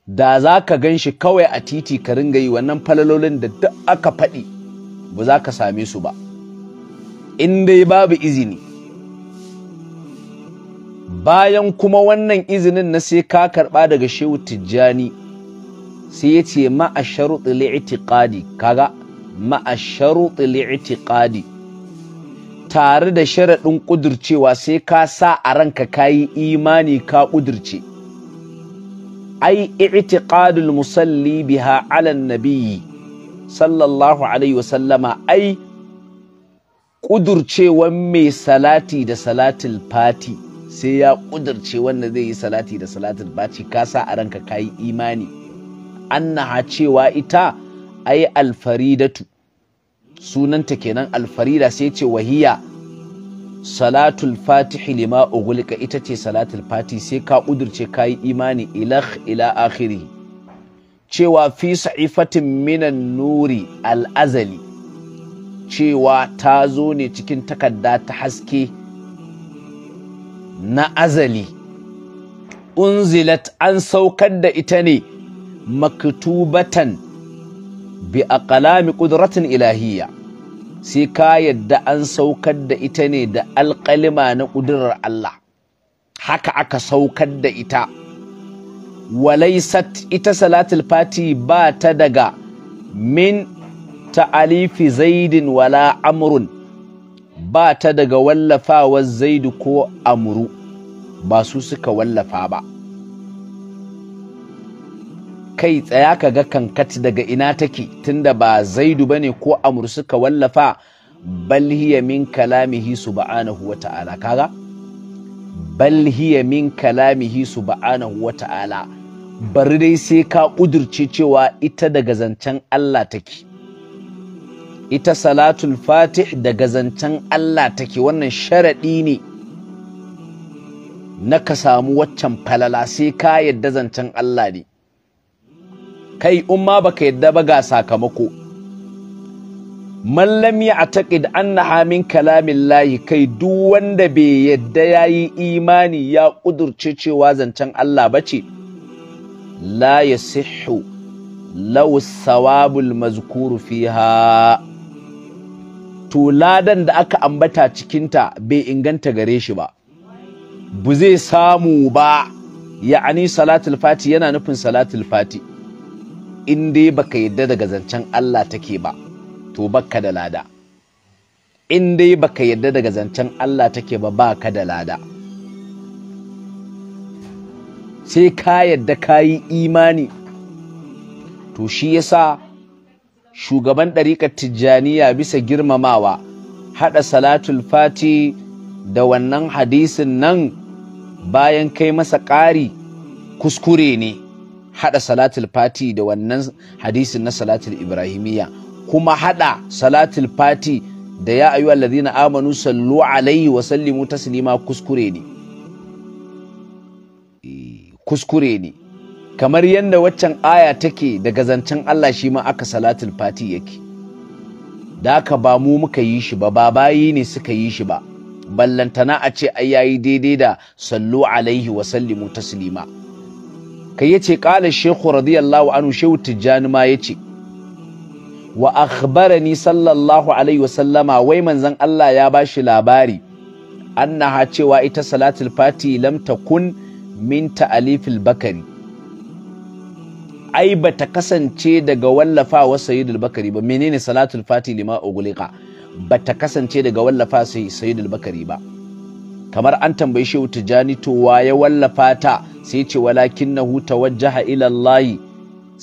da za ka gan shi kawai a titi ka ringa yi wannan falalolin da duk aka faɗi ba za ka same su ba in dai babu izini bayan kuma wannan izinin na sai ka karɓa daga shehu tijjani sai ya ce ma'a sharuɗi kaga ma'a sharuɗi tare da sharaɗin ƙudurcewa sai ka sa a ranka ka yi imani ka ƙudurce ai i'tiqadul musalli biha ala nabiyyi sallallahu alaihi wasallama ai ƙudurcewan mai salati da salatul fati sai ya ƙudurce wanda zai yi salati da salatul fati ka sa a ranka kayi imani annaha cewa ita ai alfaridatu sunanta kenan alfarida sai ce wahiya salatul fatihi lima ugulika ita ce salatul Fati, sai ka udurce ka imani ilah ila akhiri cewa fi sa'ifatin minan nuri al'azali cewa ta zo ne cikin takarda ta haske na azali unzilat an saukar da ita ne maktubatan bi aqlami qudratin ilahiyya sai ka yadda an saukar da ita ne da alƙalima na ƙudurar Allah haka aka saukar da ita walaisat ita salatul fati ba ta daga min ta'alifi zaidin wala amrun ba ta daga wallafawar zaidu ko amru ba su suka wallafa ba kai tsaya ka ga kankat daga ina take tunda ba zaidu bane ko amur suka wallafa bal hiya min kalamihi subhanahu wata'ala kaga bal hiya min kalamihi subhanahu wata'ala bari dai sai ka kudurce cewa ita daga zancen Allah take ita salatul fatih daga zancen Allah take wannan sharaɗi ne na ka samu waccan falala sai ka yadda zancen Allah ne kai in ma baka yadda ba ga sakamako man a ya'taqid annaha kalamin layi kai duk wanda bai yadda yayi imani ya ƙudurce cewa zancen Allah bace la yasihhu law sawabul mazkuru fiha to ladan da aka ambata cikinta bai inganta gare shi ba bu zai samu ba ya'ani salatul fati yana nufin salatul fati in dai baka yadda daga zancen Allah take ba to baka da lada in dai baka yadda daga zancen Allah take ba baka da lada sai ka yadda ka yi imani to shi yasa shugaban ɗariƙar tijjaniya bisa girmamawa haɗa salatul fati da wannan hadisin nan bayan kai masa ƙari kuskure ne hada salatul fati da wannan hadisin na salatul ibrahimiyya kuma hada salatul fati da ya ayu allazina amanu sallu alaihi wa sallimu taslima kuskure ne kuskure ne kamar yadda waccan aya take daga zancen Allah shi ma aka salatul fati yake da ka ba mu muka yi shi ba Babayi ne suka yi shi ba ballantana a ce ai yayi daidai da sallu alaihi wa sallimu taslima kai yace qala shaykhu radiyallahu anhu shehu tijjani ma yace wa akhbarani sallallahu alaihi sallama wai manzon Allah ya bashi labari annaha cewa ita salatul fati lam takun min ta'alifil bakari ai bata kasance daga wa sayyidul bakari ba menene salatul fati lima ughliqa bata kasance daga wallafa sayyidul bakari ba kamar an tambaye shi tijjani to ya wallafa ta sai ce walakin na huta wajaha ilallahi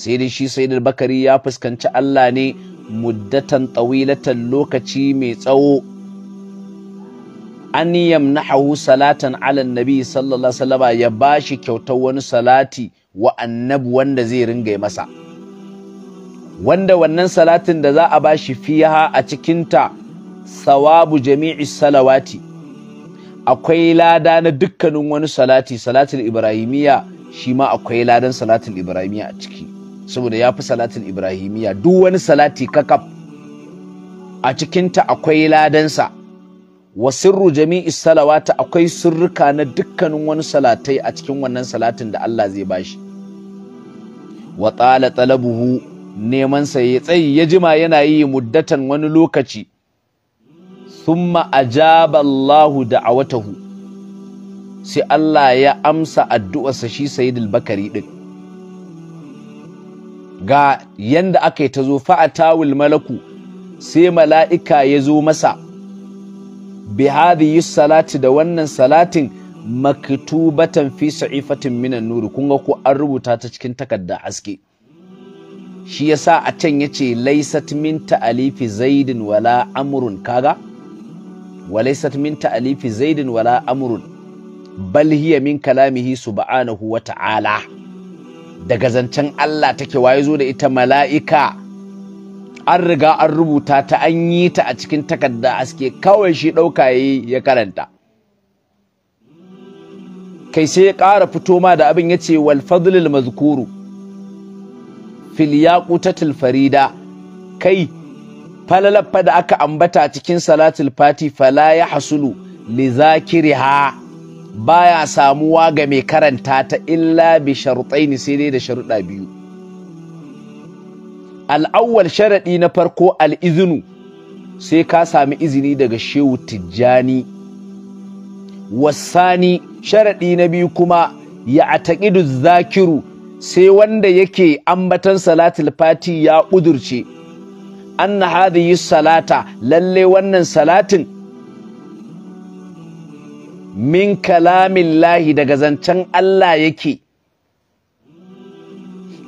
sai da shi sai bakari ya fuskanci Allah ne muddatan ɗawilatan lokaci mai tsawo an yamnahu salatan ala nabi sallallahu alaihi shi ya bashi kyautar wani salati wa annabi wanda zai ringa masa wanda wannan salatin da za a bashi fiha a cikinta sawabu jami'i salawati akwai lada na dukkanin wani salati salatul ibrahimiya shi ma akwai ladan salatul ibrahimiya a ciki saboda ya fi salatul ibrahimiya duk wani salati kakaf a cikinta akwai ladansa wa sirru jami'i salawata akwai sirrika na dukkanin wani salatai a cikin wannan salatin da Allah zai bashi wa tsala talabuhu neman sa ya tsayi ya jima yana yi muddatan wani lokaci thumma ajaba Allahu da'awatahu sai Allah ya amsa addu'arsa shi Sayyidul Bakari din ga yanda aka ta zo fa'atawul malaku sai mala'ika ya zo masa bi hadhihi salati da wannan salatin maktubatan fi sa'ifatin minan nuri kun ga ko an rubuta ta cikin takarda haske shi yasa a can yace laysat min ta'alifi zaidin wala amrun kaga walaysat min ta'alifi zaidin wala amrun bal hiya min kalamihi subhanahu wa ta'ala daga zancen Allah take waye zo da ita mala'ika an riga an rubuta ta an yi ta a cikin takarda aske kawai shi ɗauka ya karanta kai sai ya ƙara fito ma da abin ya ce wal fadlil mazkuru fil yaqutatil farida kai falalaffa da aka ambata cikin salatul fati fala ya hasulu li zakiriha baya samuwa ga mai karanta ta illa bi sharuɗaini sai dai da sharuɗa biyu al'awwal sharaɗi na farko al'izinu sai ka sami izini daga shehu tijjani wasani sharaɗi na biyu kuma ya ataƙidu zakiru sai wanda yake ambatan salatul fati ya ƙudurce anna hadhihi salata lalle wannan salatin min kalamillahi daga zancen Allah yake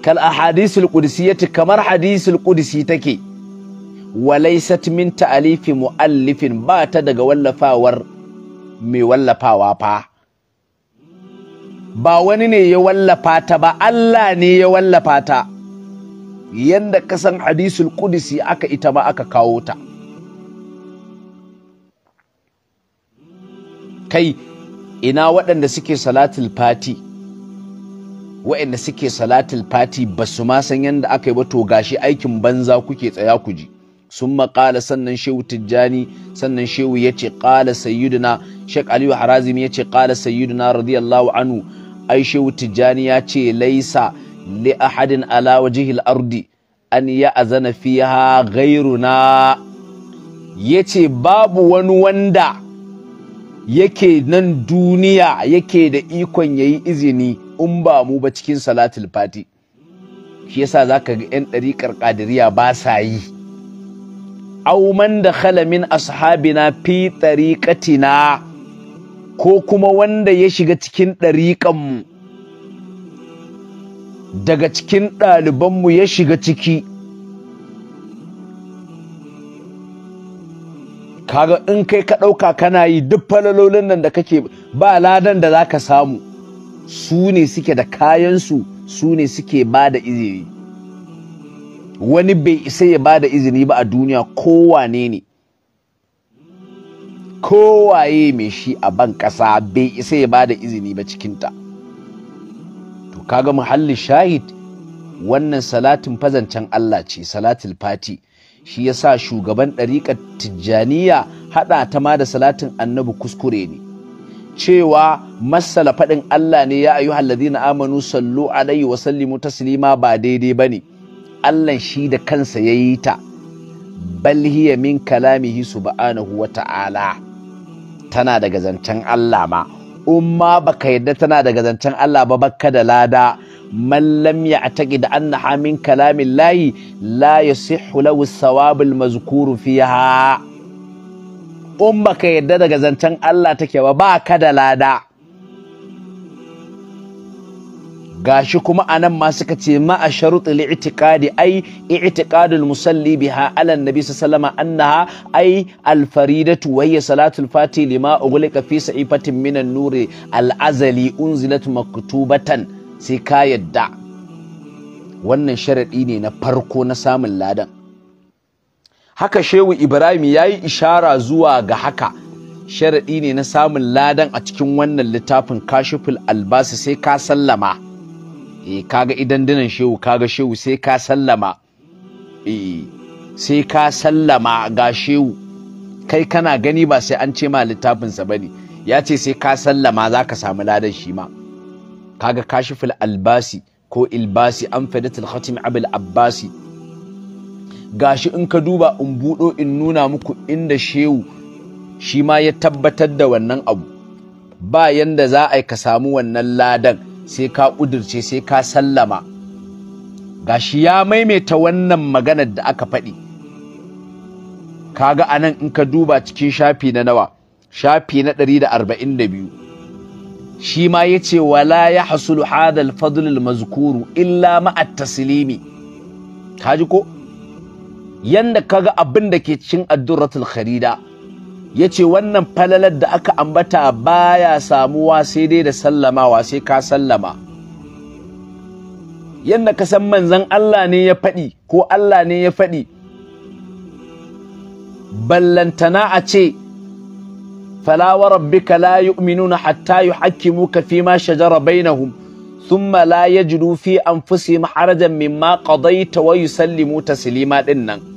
kal ahadisul qudsiyati kamar hadisul qudsi take walaysat min ta'alifi muallifin ba ta daga wallafawar mai wallafawa fa ba wani ne ya wallafa ta ba Allah ne ya wallafa ta yanda kasan hadisul kudisi aka ita ma aka kawo ta kai ina waɗanda suke salatul fati waɗanda suke salatul fati ba su ma san yanda aka yi ba to gashi aikin banza kuke tsaya ku ji sun maƙala sannan shehu tijjani sannan shehu ya ce ƙala sayyiduna shek aliyu harazim ya ce ƙala sayyiduna radiyallahu anhu ai shehu tijjani ya ce laisa li ahadin ala wajihil ardi an azana fiha ghayruna yace babu wani wanda yake nan duniya yake da ikon yayi izini in ba mu ba cikin salatul fati shi yasa zaka ga yan dariƙar ƙadiriya ba sa yi Auman da dakhala min ashabina fi tariqatina ko kuma wanda ya shiga cikin ɗariƙan mu daga cikin ɗalibanmu ya shiga ciki kaga in kai ka ɗauka kana yi duk falalolin nan da kake ba ladan da za ka samu su ne suke da kayansu su ne suke ba da izini wani bai isa ya ba da izini ba a duniya kowane ne kowaye mai shi a ban ƙasa bai isa ya ba da izini ba cikinta. kaga muhalli shahid wannan salatin fazancen Allah ce salatul fati shi yasa shugaban ɗariƙar tijjaniya haɗa ta ma da salatin annabi kuskure ne cewa masala faɗin Allah ne ya ayu halladina amanu sallu alaihi wa sallimu taslima ba daidai bane Allah shi da kansa yayi ta bal hiya min kalamihi subhanahu wa ta'ala tana daga zancen Allah ma umma baka yadda tana daga zancen Allah ba baka da lada man lam ya'taqid annaha min kalamin layi la yasihhu lahu sawabul mazkuru fiha umma ka yadda daga zancen Allah take ba ba ka da lada gashi kuma anan ma suka ce ma a sharuɗi li'itikadi ai i'tiqadul musalli biha ala nabi sallama annaha ai alfaridatu wa hiya salatul fati lima ughliqa fi sa'ifatin minan nuri al'azali unzilat maktubatan sai ka yadda wannan sharaɗi ne na farko na samun ladan haka shehu ibrahim ya yi ishara zuwa ga haka sharaɗi ne na samun ladan a cikin wannan littafin kashiful albasi sai ka sallama e kaga idan dinan shehu kaga shehu sai ka sallama e sai ka sallama ga shehu kai kana gani ba sai an ce ma littafinsa ba ne ya ce sai ka sallama za ka samu ladan shi ma kaga kashiful albasi ko ilbasi an fadatul khatim abul abbasi gashi in ka duba in buɗo in nuna muku inda shehu shi ma ya tabbatar da wannan abu ba yanda za a yi ka samu wannan ladan sai ka ƙudurce sai ka sallama gashi ya maimaita wannan maganar da aka faɗi kaga anan in ka duba cikin shafi na nawa shafi na 142 shi ma yace wala ya hasulu hadha al mazkuru illa ma taslimi ka ji ko yanda kaga abin da ke cikin addurratul kharida ya ce wannan falalar da aka ambata baya samuwa sai dai da sallamawa sai ka sallama yadda ka san manzan Allah ne ya faɗi ko Allah ne ya faɗi ballantana a ce falawa rabbika la yu'minuna hatta yuhakkimuka fi ma shajara bainahum thumma la yajidu fi anfusihim harajan mimma qadayta wa yusallimu taslima nan.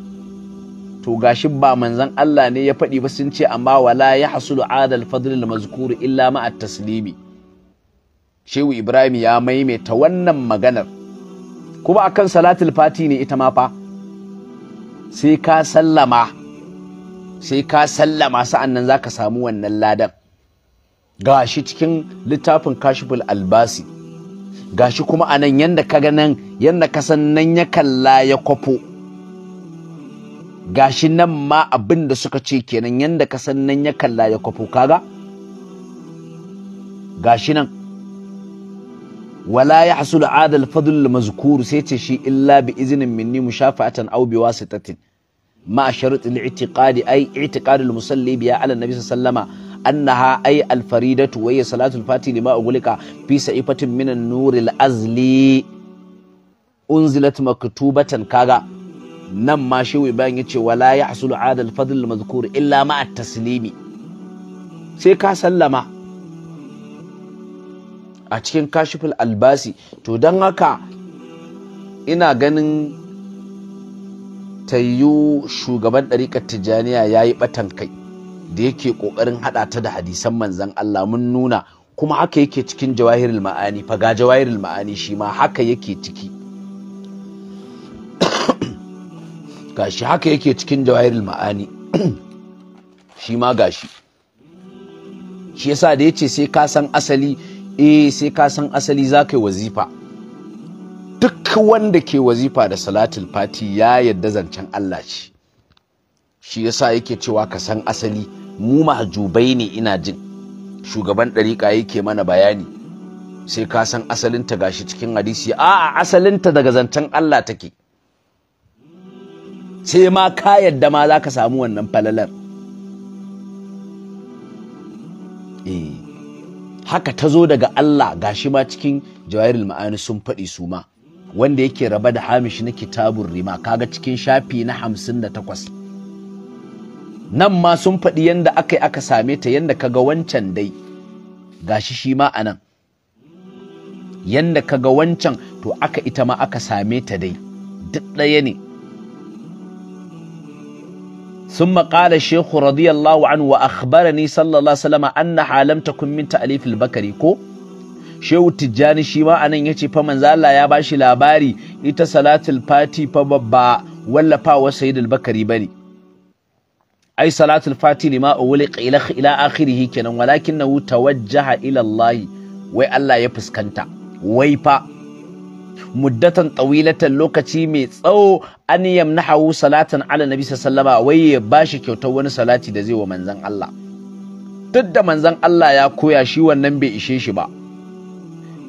to gashi ba manzon Allah ne ya faɗi ba sun ce amma wala ya hasulu adal fadlil mazkur illa ma at taslimi shehu ibrahim ya maimaita wannan maganar kuma akan salatul fati ne ita ma fa sai ka sallama sai ka sallama sa'annan zaka samu wannan ladan gashi cikin littafin kashiful albasi gashi kuma anan yanda ka ga nan yanda ka san nan ya kalla ya kwafo gashi nan ma abin da suka ce kenan yanda ka san nan ya kalla ya kwafo kaga gashi nan wala ya hasul adal fadl mazkur sai ce shi illa bi iznin minni mushafa'atan aw bi wasitatin ma sharuɗ al-i'tiqadi ay i'tiqad al-musalli biya ala nabi sallama annaha ay al-faridatu wa hiya salatu al-fati lima ugulika fi sa'ifatin min an nuril azli unzilat maktubatan kaga nan ma shehu bayan ya ce wala ya hasulu adal fadl mazkur illa ma taslimi sai ka sallama a cikin kashiful albasi to dan haka ina ganin tayyu shugaban ɗariƙar tijjaniya ya yi ɓatan kai da yake ƙoƙarin haɗa ta da hadisan manzan Allah mun nuna kuma haka yake cikin jawahirul ma'ani fa ga jawahirul ma'ani shi ma haka yake ciki gashi haka yake cikin jawahirul ma'ani shi ma gashi shi yasa da yace sai ka san asali eh sai ka san asali za wazifa duk wanda ke wazifa da salatul fati ya yadda zancen Allah shi shi yasa yake cewa ka san asali mu mahjubai ne ina jin shugaban ɗariƙa yake mana bayani sai ka san asalinta gashi cikin hadisi a'a asalinta daga zancen Allah take sai ma ka yadda ma za ka samu wannan falalar eh, haka ta zo daga Allah gashi ma cikin jawahirul ma'ani sun faɗi su ma wanda yake raba da hamishi na kitabun rima kaga cikin shafi na hamsin da takwas nan ma sun faɗi yadda aka yi aka same ta yadda ka ga wancan dai gashi shi ma a nan yadda ka ga wancan to aka ita ma aka same ta dai duk ɗaya ne Sun قال الشيخ رضي الله عنه وأخبرني صلى الله عليه وسلم أنها لم shehu tijjani shima anan ya ce fa manzo ya bashi labari ita salatul fati fa babba wallafawa sayyidul bakari bane ai salatul fati lima uliq ila ila akhirih kenan walakinahu tawajjaha ila Allah wai Allah ya fuskanta wai fa muddatan tsawilatan lokaci mai tsawo an hawu salatan ala nabi sallama wai ya ba shi kyautar wani salati da zai wa manzan Allah duk da manzan Allah ya koya shi wannan bai ishe shi ba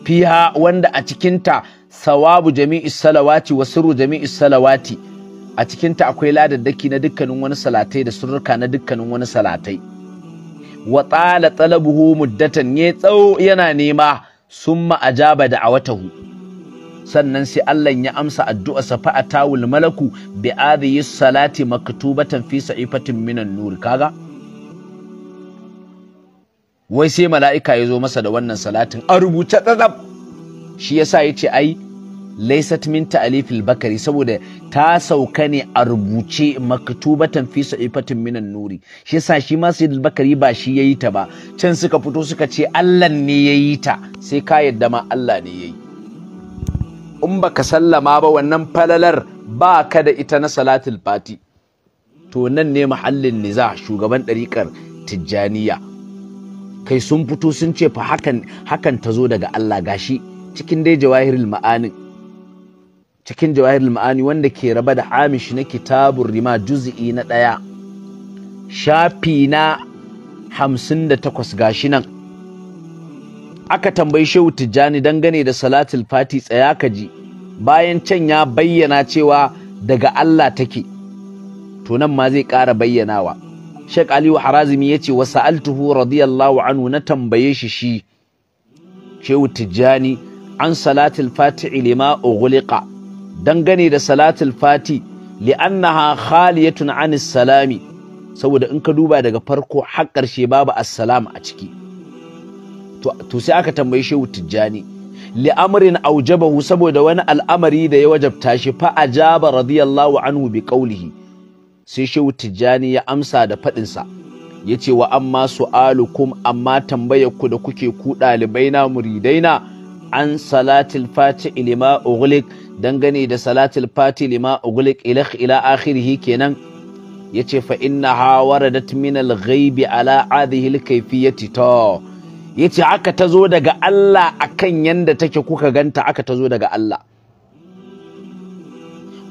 fiha wanda a cikinta sawabu jami'is salawati wa sirru jami'is salawati a cikinta akwai ladaddaki na dukkanin wani salatai da surruka na dukkanin wani salatai wa tsala talabuhu muddatan ya tsawo yana nema summa ma'ajaba da a awatahu sannan sai Allah ya amsa addu'a safa a tawul malaku bi adhi salati maktubatan fi sa'ifatin minan nur kaga wai sai mala'ika ya zo masa da wannan salatin a rubuce tsazab shi yasa yace ai laysat min ta'lifil bakari saboda ta sauka ne a rubuce maktubatan fi sa'ifatin minan nuri shi yasa shi ma sayyidul bakari ba shi yayi ta ba can suka fito suka ce Allah ne yayi ta sai ka yadda ma Allah ne yayi in ba ka sallama ba wannan falalar ba ka da ita na salatul fati to nan ne muhallin niza shugaban ɗariƙar tijjaniya kai sun fito sun ce fa hakan hakan ta zo daga Allah gashi cikin dai jawahirul ma'ani cikin jawahirul ma'ani wanda ke raba da Amish na kitabur rima juz'i na ɗaya shafi na hamsin da takwas gashi nan aka tambayi shehu tijjani dangane da salatul fati tsaya ka bayan can ya bayyana cewa daga Allah take to nan ma zai ƙara bayyanawa Sheikh Aliyu Harazimi ya ce wa sa'altuhu radiyallahu anhu na tambaye shi shi Shehu Tijjani an salatul fati lima ughliqa dangane da salatul fati li'annaha khaliyatun anis salami saboda in ka duba daga farko har ƙarshe babu assalam a ciki to sai aka tambayi shehu tijjani li'amrin aujabahu saboda wani al'amari da ya wajabta shi fa ajaba radiyallahu anhu bi qawlihi sai shehu tijjani ya amsa da fadin sa yace wa amma su'alukum amma tambayar ku da kuke ku dalibai na muridaina an salatil fati ilima ughliq dangane da salatil fati ilima ughliq ila ila akhirih kenan yace fa innaha waradat min al-ghaibi ala adhihi al-kayfiyati ta yace aka tazo daga Allah akan yanda take kuka ganta aka tazo daga Allah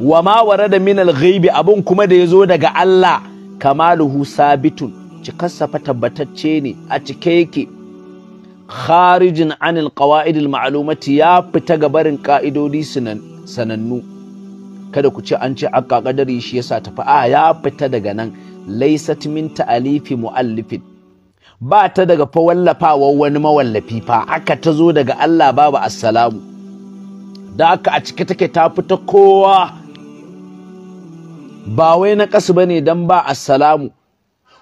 wa ma warada min ghaibi abun kuma da ya zo daga Allah kamaluhu sabitun cikarsa fa tabbatacce ne a cike yake kharijin anil qawaidil ma'alumati ya fita ga barin ka'idodi sanannu kada ku ce an ce akka kadari shi yasa tafi a ya fita daga nan laysat min ta'alifi mu'allifin ba ta daga fa wallafawa wani mawallafi fa aka ta zo daga Allah babu assalamu da haka a cike take ta fita kowa ba wai na kasu bane dan ba assalamu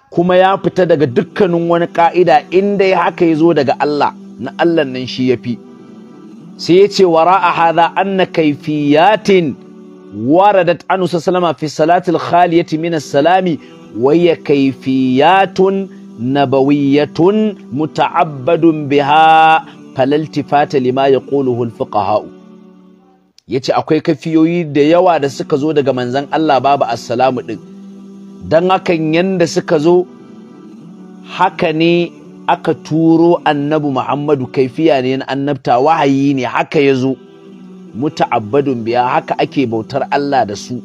kuma ya fita daga dukkanin wani ka'ida inda ya haka ya zo daga Allah na Allah nan shi yafi sai ya ce wara'a hadha anna kayfiyatin waradat anu sallama fi salatil khaliyati min as-salami wa hiya kayfiyatun nabawiyatun muta'abbadun biha falaltifata lima yaquluhu al yace akwai kafiyoyi da yawa da suka zo daga manzon Allah babu assalamu din dan hakan yanda suka zo haka ne aka turo annabi Muhammadu kaifiya ne na annabta wahayi ne haka ya zo muta'abbadun biya haka ake bautar Allah da su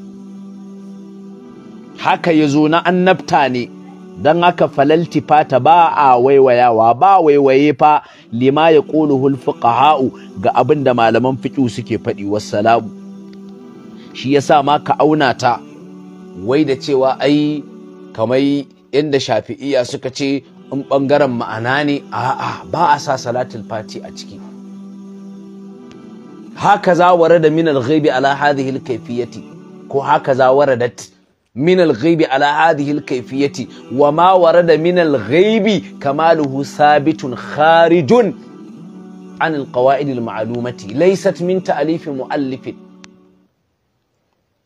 haka ya zo na annabta ne don haka falalti fata ba a waiwayawa ba waiwaye fa lima ya hulfi fuqaha'u ga abin da malaman fiƙi suke faɗi wassalamu shi ya sa ma ka auna ta wai da cewa ai kamai inda shafi'iya suka ce in ɓangaren ma'ana ne a'a ba a sa salatul fati a ciki haka za ware min al-ghaibi ala hadhihi al-kayfiyati ko haka za da min al-ghaibi ala hadhihi al wa ma warada min al-ghaibi kamaluhu sabitun kharijun an al-qawaid al-ma'lumati laysat min ta'lif mu'allif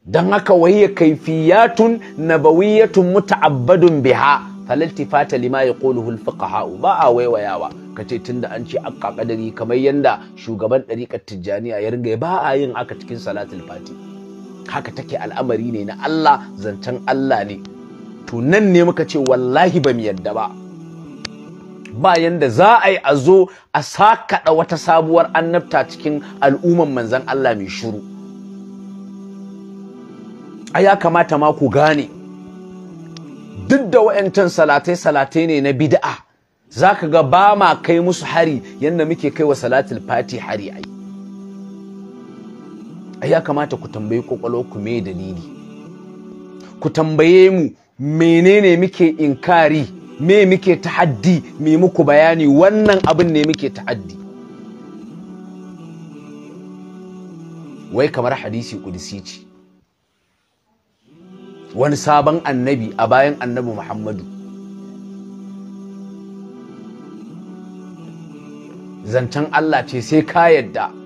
dan haka wahiya kayfiyatun nabawiyatun muta'abbadun biha falaltifata lima ya ƙoluhul fuqaha'u ba a waiwayawa ka ce tunda an ce akka kadari kamar yadda shugaban ɗariƙar tijjaniya ya ringa ba a yin haka cikin salatul fati haka take al'amari ne na Allah zancen Allah ne to nan ne muka ce wallahi ba mu yadda ba bayan da za a yi a zo a sakaɗa wata sabuwar annabta cikin al'umman manzan Allah mai shuru a ya kamata ma ku gane duk da wa'yancan salatai-salatai ne na bid'a za ka ga ba ma kai musu hari yadda muke kai wa salatul fati hari ai ya kamata ku tambayi ku me dalili ku tambaye mu menene muke inkari me muke ta'addi me muku bayani wannan abin ne muke ta'addi wai kamar hadisi kudisi ce wani sabon annabi a bayan annabi muhammadu zancen allah ce sai ka yadda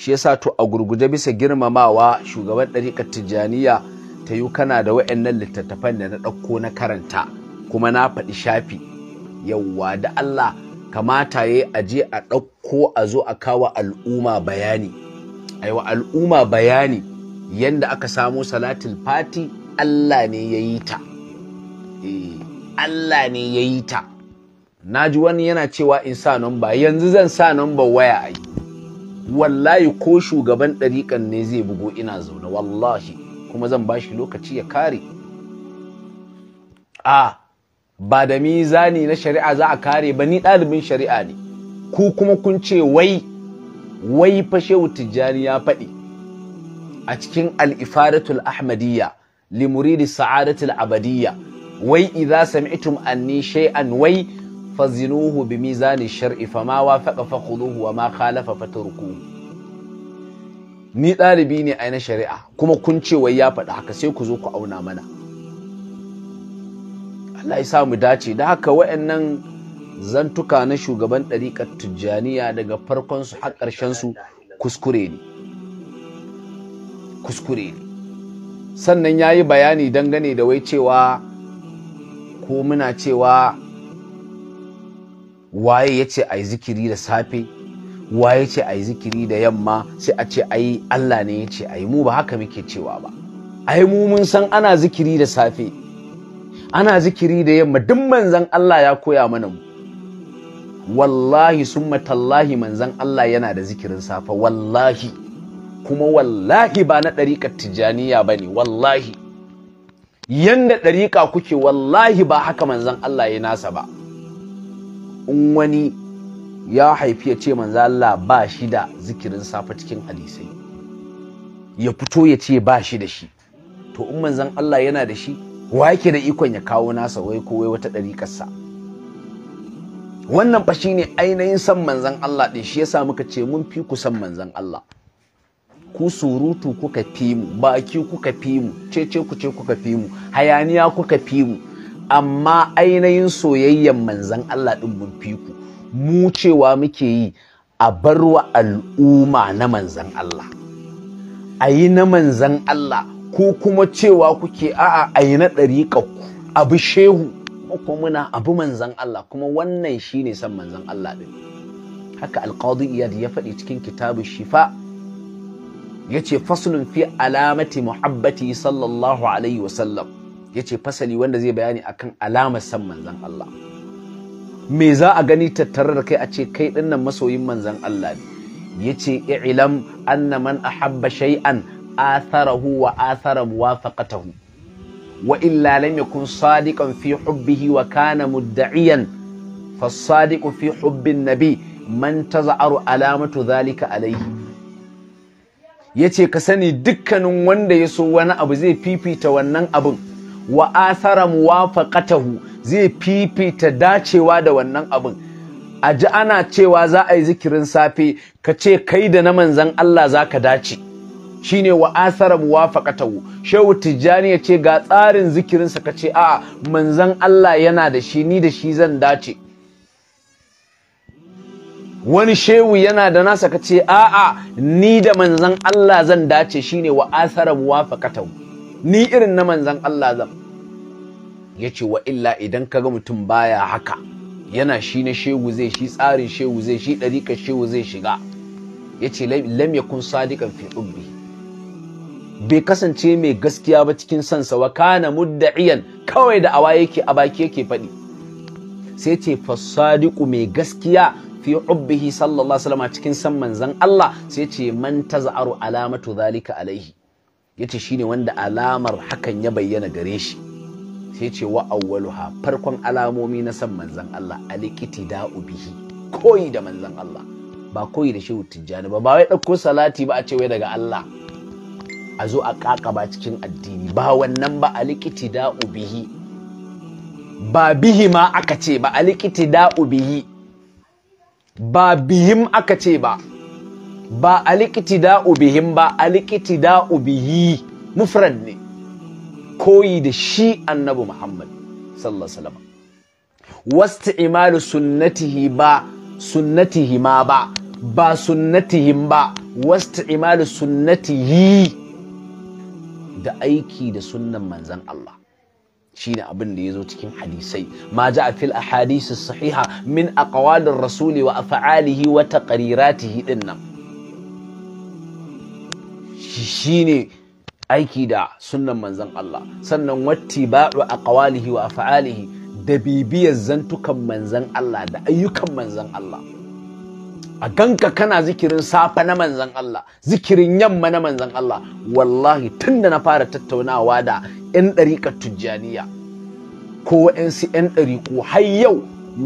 shi yasa to a gurguje bisa girmamawa shugaban ɗariƙar tijjaniya ta yi kana da wa'annan littattafan da na ɗauko na karanta kuma na faɗi shafi yauwa da Allah kamata ya a je a ɗauko a zo a kawo al'umma bayani aiwa al'umma bayani yanda aka samo salatul fati Allah ne ya yi ta eh, Allah ne ya yi ta na ji wani yana cewa in sa ba. yanzu zan sa ba waya ayi wallahi ko shugaban ɗariƙan ne zai bugo ina zaune wallahi kuma zan ba shi lokaci ya kare a ba da mizani na shari'a za a kare ba ni ɗalibin shari'a ne ku kuma kun ce wai wai fashe tijjani ya faɗi a cikin al'ifaratul ahmadiyya limuridi sa'adatul abadiyya wai idza sami'tum anni shay'an wai fazinuhu bi mizani shar'i fa ma wafaqa fa khuluhu wa ma khalafa fa turku ni dalibi ne a ina shari'a kuma kun ce wai ya faɗa haka sai ku zo ku auna mana Allah ya sa mu dace da haka wayannan zantuka na shugaban ɗariƙar tijjaniya daga farkon su har ƙarshen su kuskure ne kuskure ne sannan ya yi bayani dangane da wai cewa ko muna cewa waye ya ce a zikiri da safe waye ce a zikiri da yamma sai a ce ai Allah ne ya ce ai mu ba haka muke cewa ba ai mu mun san ana zikiri da safe ana zikiri da yamma duk manzan Allah ya koya mana mu wallahi summa tallahi manzan Allah yana da zikirin safe wallahi kuma wallahi ba na ɗariƙar tijjaniya ba ne wallahi yanda ɗariƙa kuke wallahi ba haka manzan Allah ya nasa ba in wani ya haifi ya ce manzo Allah ba shi da zikirin safe cikin hadisai ya fito ya ce ba shi da shi to in manzon Allah yana da shi wa yake da ikon ya kawo nasa wai ko wai wata ɗariƙarsa wannan fa ne ainihin san manzon Allah din shi yasa muka ce mun fi ku san manzon Allah ku surutu kuka fi mu baki kuka fi mu cece ku ce kuka fi mu hayaniya kuka fi mu amma ainihin soyayyen manzan Allah ɗin mun fi ku mu cewa muke yi a barwa al'umma na manzan Allah a yi na manzan Allah ko kuma cewa kuke a'a a yi na ɗariƙa abu shehu ko muna abu manzan Allah kuma wannan shi ne san manzan Allah ɗin haka alƙadu iyad ya faɗi cikin kitabu shifa ya ce fasulun fi alamati muhabbati sallallahu alaihi wasallam yace fasali wanda zai bayani akan alamar san manzan Allah me za a gani tattare da kai a ce kai dinnan masoyin manzan Allah ne ya ce i'lam anna man ahabba shay'an atharahu wa athara muwafaqatahu wa illa lam yakun sadiqan fi hubbihi wa kana mudda'iyan فالصادق fi nabi nabi man taza'aru alamatu zalika alaihi yace ka sani dukkanin wanda ya so wani abu zai fifita wannan abin wa asara muwafaqatahu zai fifita dacewa da wannan abin a ji ana cewa za a yi zikirin safe ka ce kai da na manzan Allah za ka dace shine wa asara muwafaqatahu shehu tijjani ya ce ga tsarin zikirin sa ka ce a manzan Allah yana da shi ni da shi zan dace wani shehu yana da nasa ka ce a'a ni da manzan Allah zan dace shine wa asara muwafaqatahu ni irin na manzan Allah zan ya ce wa illa idan ka ga mutum baya haka yana shi na shegu zai shi tsarin shegu zai shi ɗariƙar shegu zai shiga ya ce lam kun sadiqan fi ubbi bai kasance mai gaskiya ba cikin sansa wa kana mudda'iyan kawai da awa yake a baki yake faɗi sai ce fasadiku mai gaskiya fi ubbihi sallallahu alaihi cikin san manzan Allah sai ce man taz'aru alamatu zalika alaihi ya shine wanda alamar hakan ya bayyana gare shi sai ce wa awwaluha farkon alamomi na san manzan Allah alikiti da ubihi koyi da manzan Allah ba koyi da shehu tijjani ba ba wai ɗauko salati ba a ce wai daga Allah a zo a ba cikin addini ba wannan ba alikiti da ubihi ba bihi ma aka ce ba alikiti da ubihi ba bihim aka ce ba ba aliktida'u bihim ba aliktida'u bihi mufrad ne koyi da shi annabi Muhammad sallallahu alaihi wasallam sunnatihi ba sunnatihi ma ba ba sunnatihim ba wasti'malu sunnatihi da aiki da sunnan manzan Allah shine abin da zo cikin hadisai ma ja'a fil ahadisi sahiha min aqwalir rasuli wa af'alihi wa taqriratihi dinnan shine aiki da sunnan manzon Allah sannan wati ba'u a aqwalihi wa fa'alihi. da bibiyar zantukan Manzan Allah da ayyukan manzon Allah a ganka kana zikirin safa na manzon Allah zikirin yamma na manzon Allah wallahi tunda na fara tattaunawa da 'yan ɗariƙar tujjaniya ko 'yan 'yan ɗariƙu har yau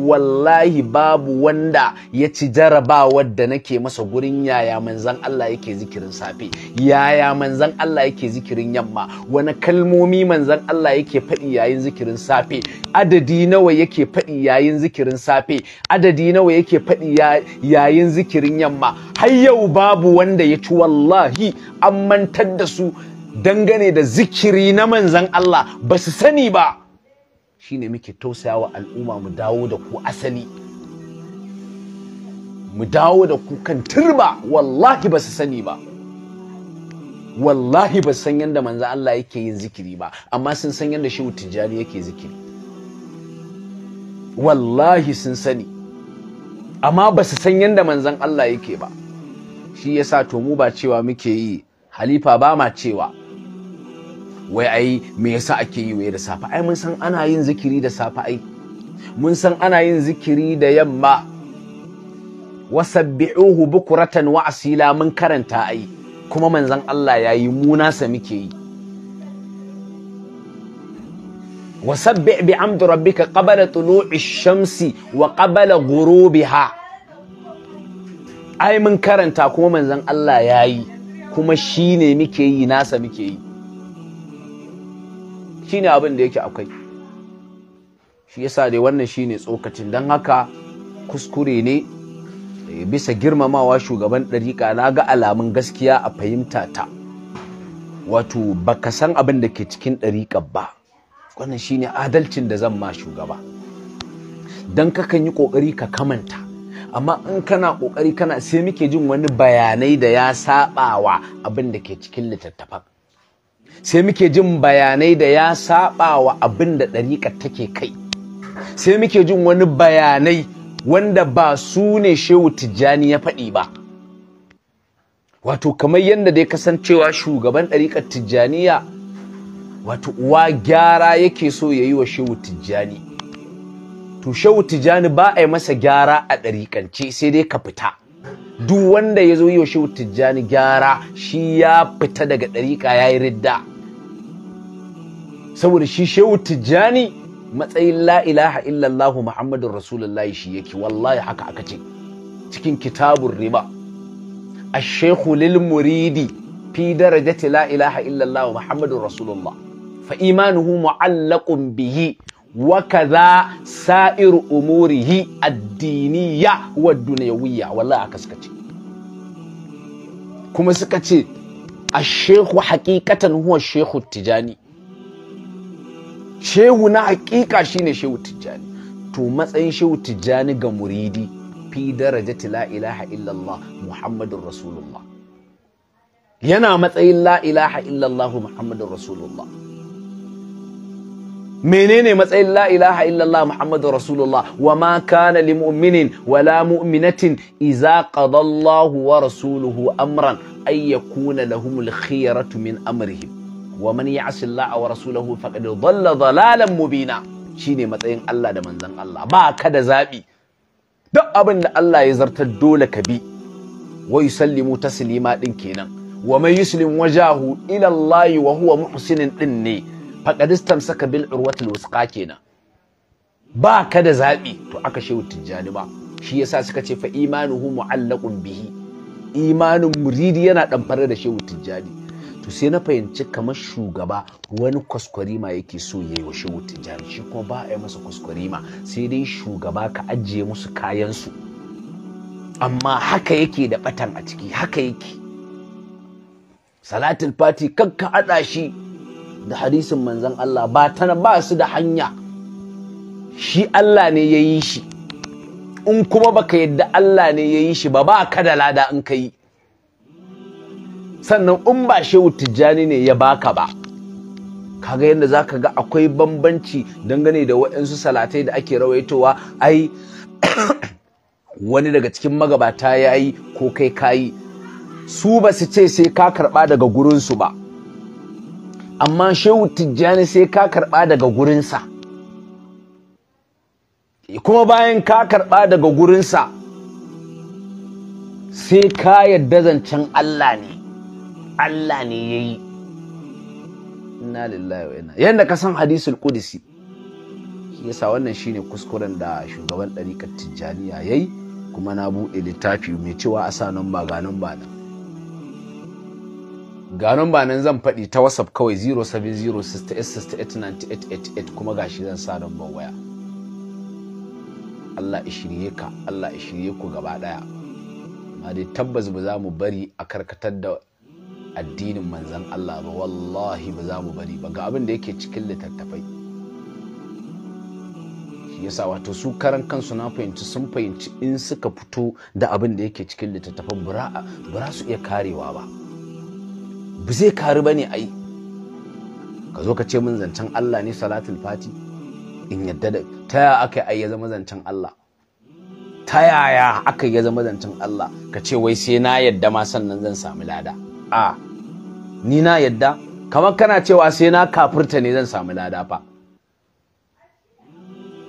wallahi babu wanda ya ci jarabawar da nake masa gurin yaya manzan Allah yake zikirin safe yaya manzan Allah yake zikirin yamma wani kalmomi manzan Allah yake faɗi yayin zikirin safe adadi nawa yake faɗi yayin zikirin safe adadi nawa yake faɗi yayin zikirin yamma har yau babu wanda ya ci wallahi an mantar da su dangane da zikiri na manzan Allah ba su sani ba shine muke tausayawa al'umma mu dawo da ku asali mu dawo da ku kan turba wallahi ba su sani ba wallahi ba san yadda manzo Allah yake yin zikiri ba amma sun san yadda shi tijjani yake zikiri wallahi sun sani amma ba su san yadda manzon Allah yake ba shi yasa to mu ba cewa muke yi halifa ba ma cewa wai ai me yasa ake yi wai da safe ai mun san ana yin zikiri da safe ai mun san ana yin zikiri da yamma wasabbi'uhu bukuratan wa asila mun karanta ai kuma manzon Allah ya yi mu nasa muke yi wasabbi' bi amdi rabbika qabla tulu'i shamsi wa qabla ghurubiha ai mun karanta kuma manzon Allah yayi kuma shine muke yi nasa muke yi Shi ne abin da yake akwai shi yasa dai wannan shi ne tsokacin don haka kuskure ne eh, bisa girmamawa shugaban ɗariƙa na ga alamun gaskiya a fahimta ta wato baka san abin da ke cikin ɗariƙa ba wannan shi ne adalcin da zan ma shugaba don kakan yi ƙoƙari ka kamanta amma in kana ƙoƙari kana sai muke jin wani bayanai da ya saɓawa abin da ke cikin littattafan sai muke jin bayanai da ya saba wa abin da ɗariƙa take kai sai muke jin wani bayanai wanda ba su ne shehu tijjani ya faɗi ba wato kamar yadda dai kasancewa shugaban ɗariƙar tijjaniya wato uwa gyara yake so ya yi wa shehu tijjani to shehu tijjani ba a yi masa gyara a ɗariƙance sai dai ka fita duk wanda ya zo yaushe tijjani gyara shi ya fita daga ɗariƙa ya yi ridda saboda shi shehu tijjani matsayin la ilaha illallahu muhammadun rasulullahi shi yake wallahi haka aka ce cikin kitabun riba a shehu lil muridi fi darajati la ilaha illallahu muhammadun rasulullah fa imanuhu mu'allaqun bihi wa kaza sa'ir umurihi addiniya wa duniyawiyya wallahi aka suka kuma suka ce ashehu hakikatan huwa shehu tijani shehu na hakika shine shehu tijani to matsayin shehu tijani ga muridi fi darajati la ilaha illallah muhammadur rasulullah yana matsayin la ilaha illallah muhammadur rasulullah menene matsayin la ilaha illallah muhammadu rasulullah wa ma kana li mu'minin wa la mu'minatin iza qada Allahu wa rasuluhu amran ay yakuna lahumul khiyaratu min amrihim wa man ya'si Allah wa rasulahu faqad dhalla dhalalan mubina shine matsayin Allah da manzon Allah ba ka da zabi duk abin da Allah ya zartar dole ka bi wa yusallimu taslima din kenan wa man yuslim wajahu ila Allah wa huwa muhsinin din ne Faƙaristan saka bil urwatul wusqa kenan ba ka da zaɓi to aka shehu tijjani ba shi yasa suka ce fa imanuhu mu'allaqun bihi imanin muridi yana ɗamfare da shehu tijjani to sai na fahimci kamar shugaba wani kwaskwarima yake so ya wa shehu tijjani shi kuma ba a yi masa kwaskwarima sai dai shugaba ka ajiye musu kayansu amma haka yake da batan a ciki haka yake salatul fati kan ka haɗa shi da hadisin manzan Allah ba ta ba su da hanya shi Allah ne ya yi shi in kuma baka yadda Allah ne ya yi shi ba ba ka da lada in ka yi sannan in ba shehu tijjani ne ya baka ba kaga yadda za ka ga akwai bambanci dangane da waɗansu salatai da ake rawaitowa ai wani daga cikin magabata ya yi ko kai kayi su ba su ce sai ka karɓa daga gurinsu ba amma shehu tijjani sai ka karɓa daga gurinsa kuma bayan ka karɓa daga gurinsa sai ka yadda zancen Allah ne Allah ne ya yi inna lillahi wa inna yadda ka san hadisul qudsi yasa wannan shine kuskuren da shugaban ɗariƙar tijjaniya ya yi kuma na buɗe littafi mai cewa a sa nan ba ga nan ba ga ba nan zan faɗi ta whatsapp kawai 07068689888 kuma gashi zan sa don waya Allah ya shirye ka Allah ya shirye ku gaba ɗaya amma dai tabbas ba za mu bari a karkatar da addinin manzan Allah ba wallahi ba za mu bari ba ga abin da yake cikin littattafai shi yasa wato su karan kansu na fahimci sun fahimci in suka fito da abin da yake cikin littattafan ba su iya karewa ba. ba zai karu ba ne a yi ka zo ka ce min zancen Allah ne salatul fati in yadda da ta yaya aka yi ya zama zancen Allah ta yaya aka ya zama zancen Allah ka ce wai sai na yadda ma sannan zan sami lada a ni na yadda kamar kana cewa sai na kafirta ne zan sami lada fa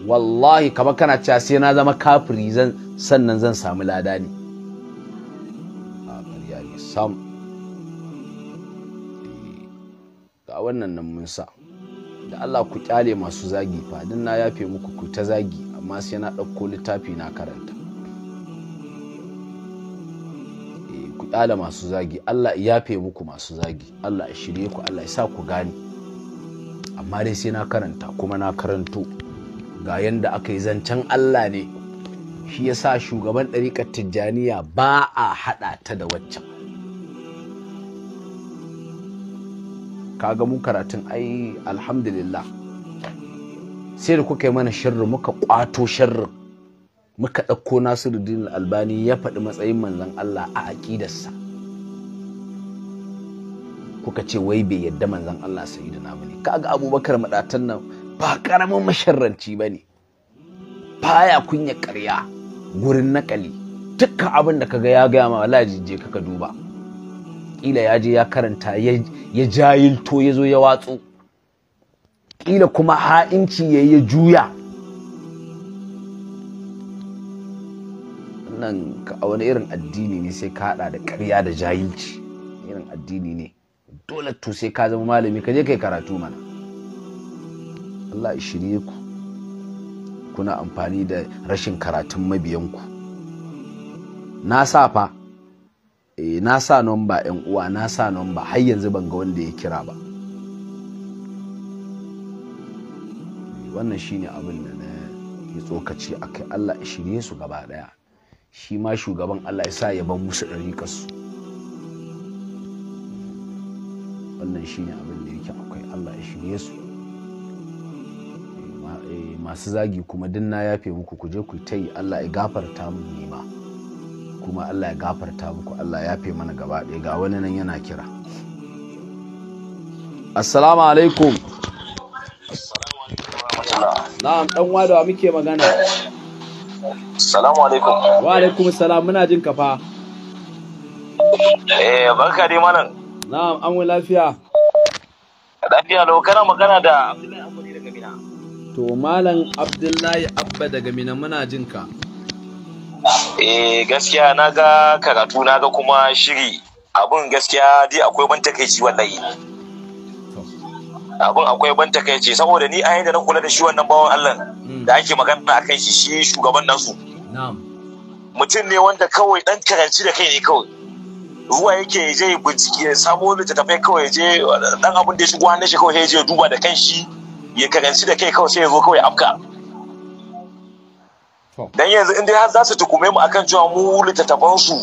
wallahi kamar kana cewa sai na zama kafiri zan sannan zan sami lada ne a ƙarya ne sam ga wannan nan mun sa da Allah ku kyale masu zagi fa din na yafe muku ku ta zagi amma sai na ɗauko littafi na karanta eh, ku kyale masu zagi Allah ya yafe muku masu zagi Allah ya shirye ku Allah ya sa ku gane amma dai sai na karanta kuma na karanto ga yanda aka yi zancen Allah ne shi yasa shugaban ɗariƙar tijjaniya ba a haɗa ta da waccan kaga mun karatun ai alhamdulillah sai da kuka yi mana sharri muka kwato sharri muka ɗauko nasiruddin albani ya faɗi matsayin manzon Allah a aƙidarsa kuka ce wai bai yadda manzon Allah sayyidina ba ne kaga abubakar madatan nan ba karamin masharranci ba ne baya kunya ƙarya gurin nakali dukkan abin da kaga ya gaya ma wallahi je kaka duba Ƙila ya je ya karanta ya. ya jayilto ya zo ya watsu ƙila kuma ha'inci ya ya juya nan a wani irin addini ne sai ka haɗa da ƙarya da jahilci irin addini ne dole to sai ka zama malami ka je kai karatu mana Allah ya shirye ku kuna amfani da rashin karatun mabiyanku na sa fa Eh, na sa nomba yan uwa na sa nomba har yanzu ban ga wanda ya kira ba eh, wannan shine abin da na yi tsokaci a kai allah ya shirye su gaba daya shi ma shugaban allah ya sa ya ban musu kasu wannan shine abin da yake akwai allah ya shirye su eh, masu zagi kuma dinna yafe muku kuje ku ta yi allah ya gafarta mu nema. kuma Allah ya gafarta muku Allah ya fi mana gaba ɗaya ga wani nan yana kira assalamu alaikum na'am dan wadawa muke magana assalamu alaikum wa alaikum salam muna jin ka fa eh barka dai malam na'am an lafiya lafiya lau kana magana da to malam Abdullahi Abba daga Mina muna jin ka eh gaskiya na ga karatu na ga kuma shiri abun gaskiya dai akwai ban takaici wallahi abun akwai ban takaici saboda ni a da na kula da shi wannan bawan Allah hmm. da ake magana a shi shi shugaban nasu mutum ne wanda kawai dan karanci da kai ne kawai ruwa yake je bincike samo littattafai kawai je dan abun da ya shigo hannun shi kawai ya je duba da kanshi ya karanci da kai kawai sai ya zo kawai afka dan yanzu in dai har za su tukume mu akan cewa mu littattafan su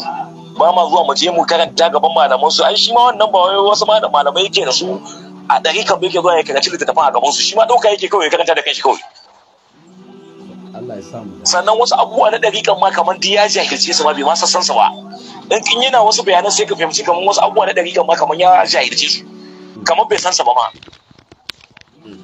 ba ma zuwa mu je mu karanta gaban malaman su ai shi ma wannan ba wai wasu malamai yake da su a ɗari kan yake zuwa ya karanta littattafan a gaban su shi ma ɗauka yake kawai karanta da kanshi kawai sannan wasu abubuwa na ɗari kan ma kamar duk ya jahilce su ma bai ma sassan su ba in kin yana wasu bayanan sai ka fahimci kamar wasu abubuwa na ɗari kan ma kamar ya jahilce su kamar bai san sa ba ma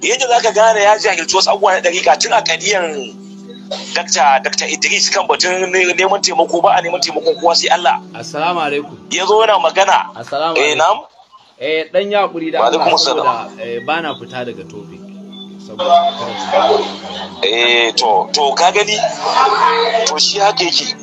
yadda zaka gane ya jahilce wasu abubuwa na ɗari tun a kadiyan Dakta Dakta Idris kan batun neman taimako ba a neman taimakon kuwa sai Allah. Assalamu alaikum. Ya zo yana magana. Assalamu eh, alaikum. Eh nam. Eh dan ya kuri da Allah saboda eh, ba na fita daga topic. Eh to to ka gani to shi haka yake.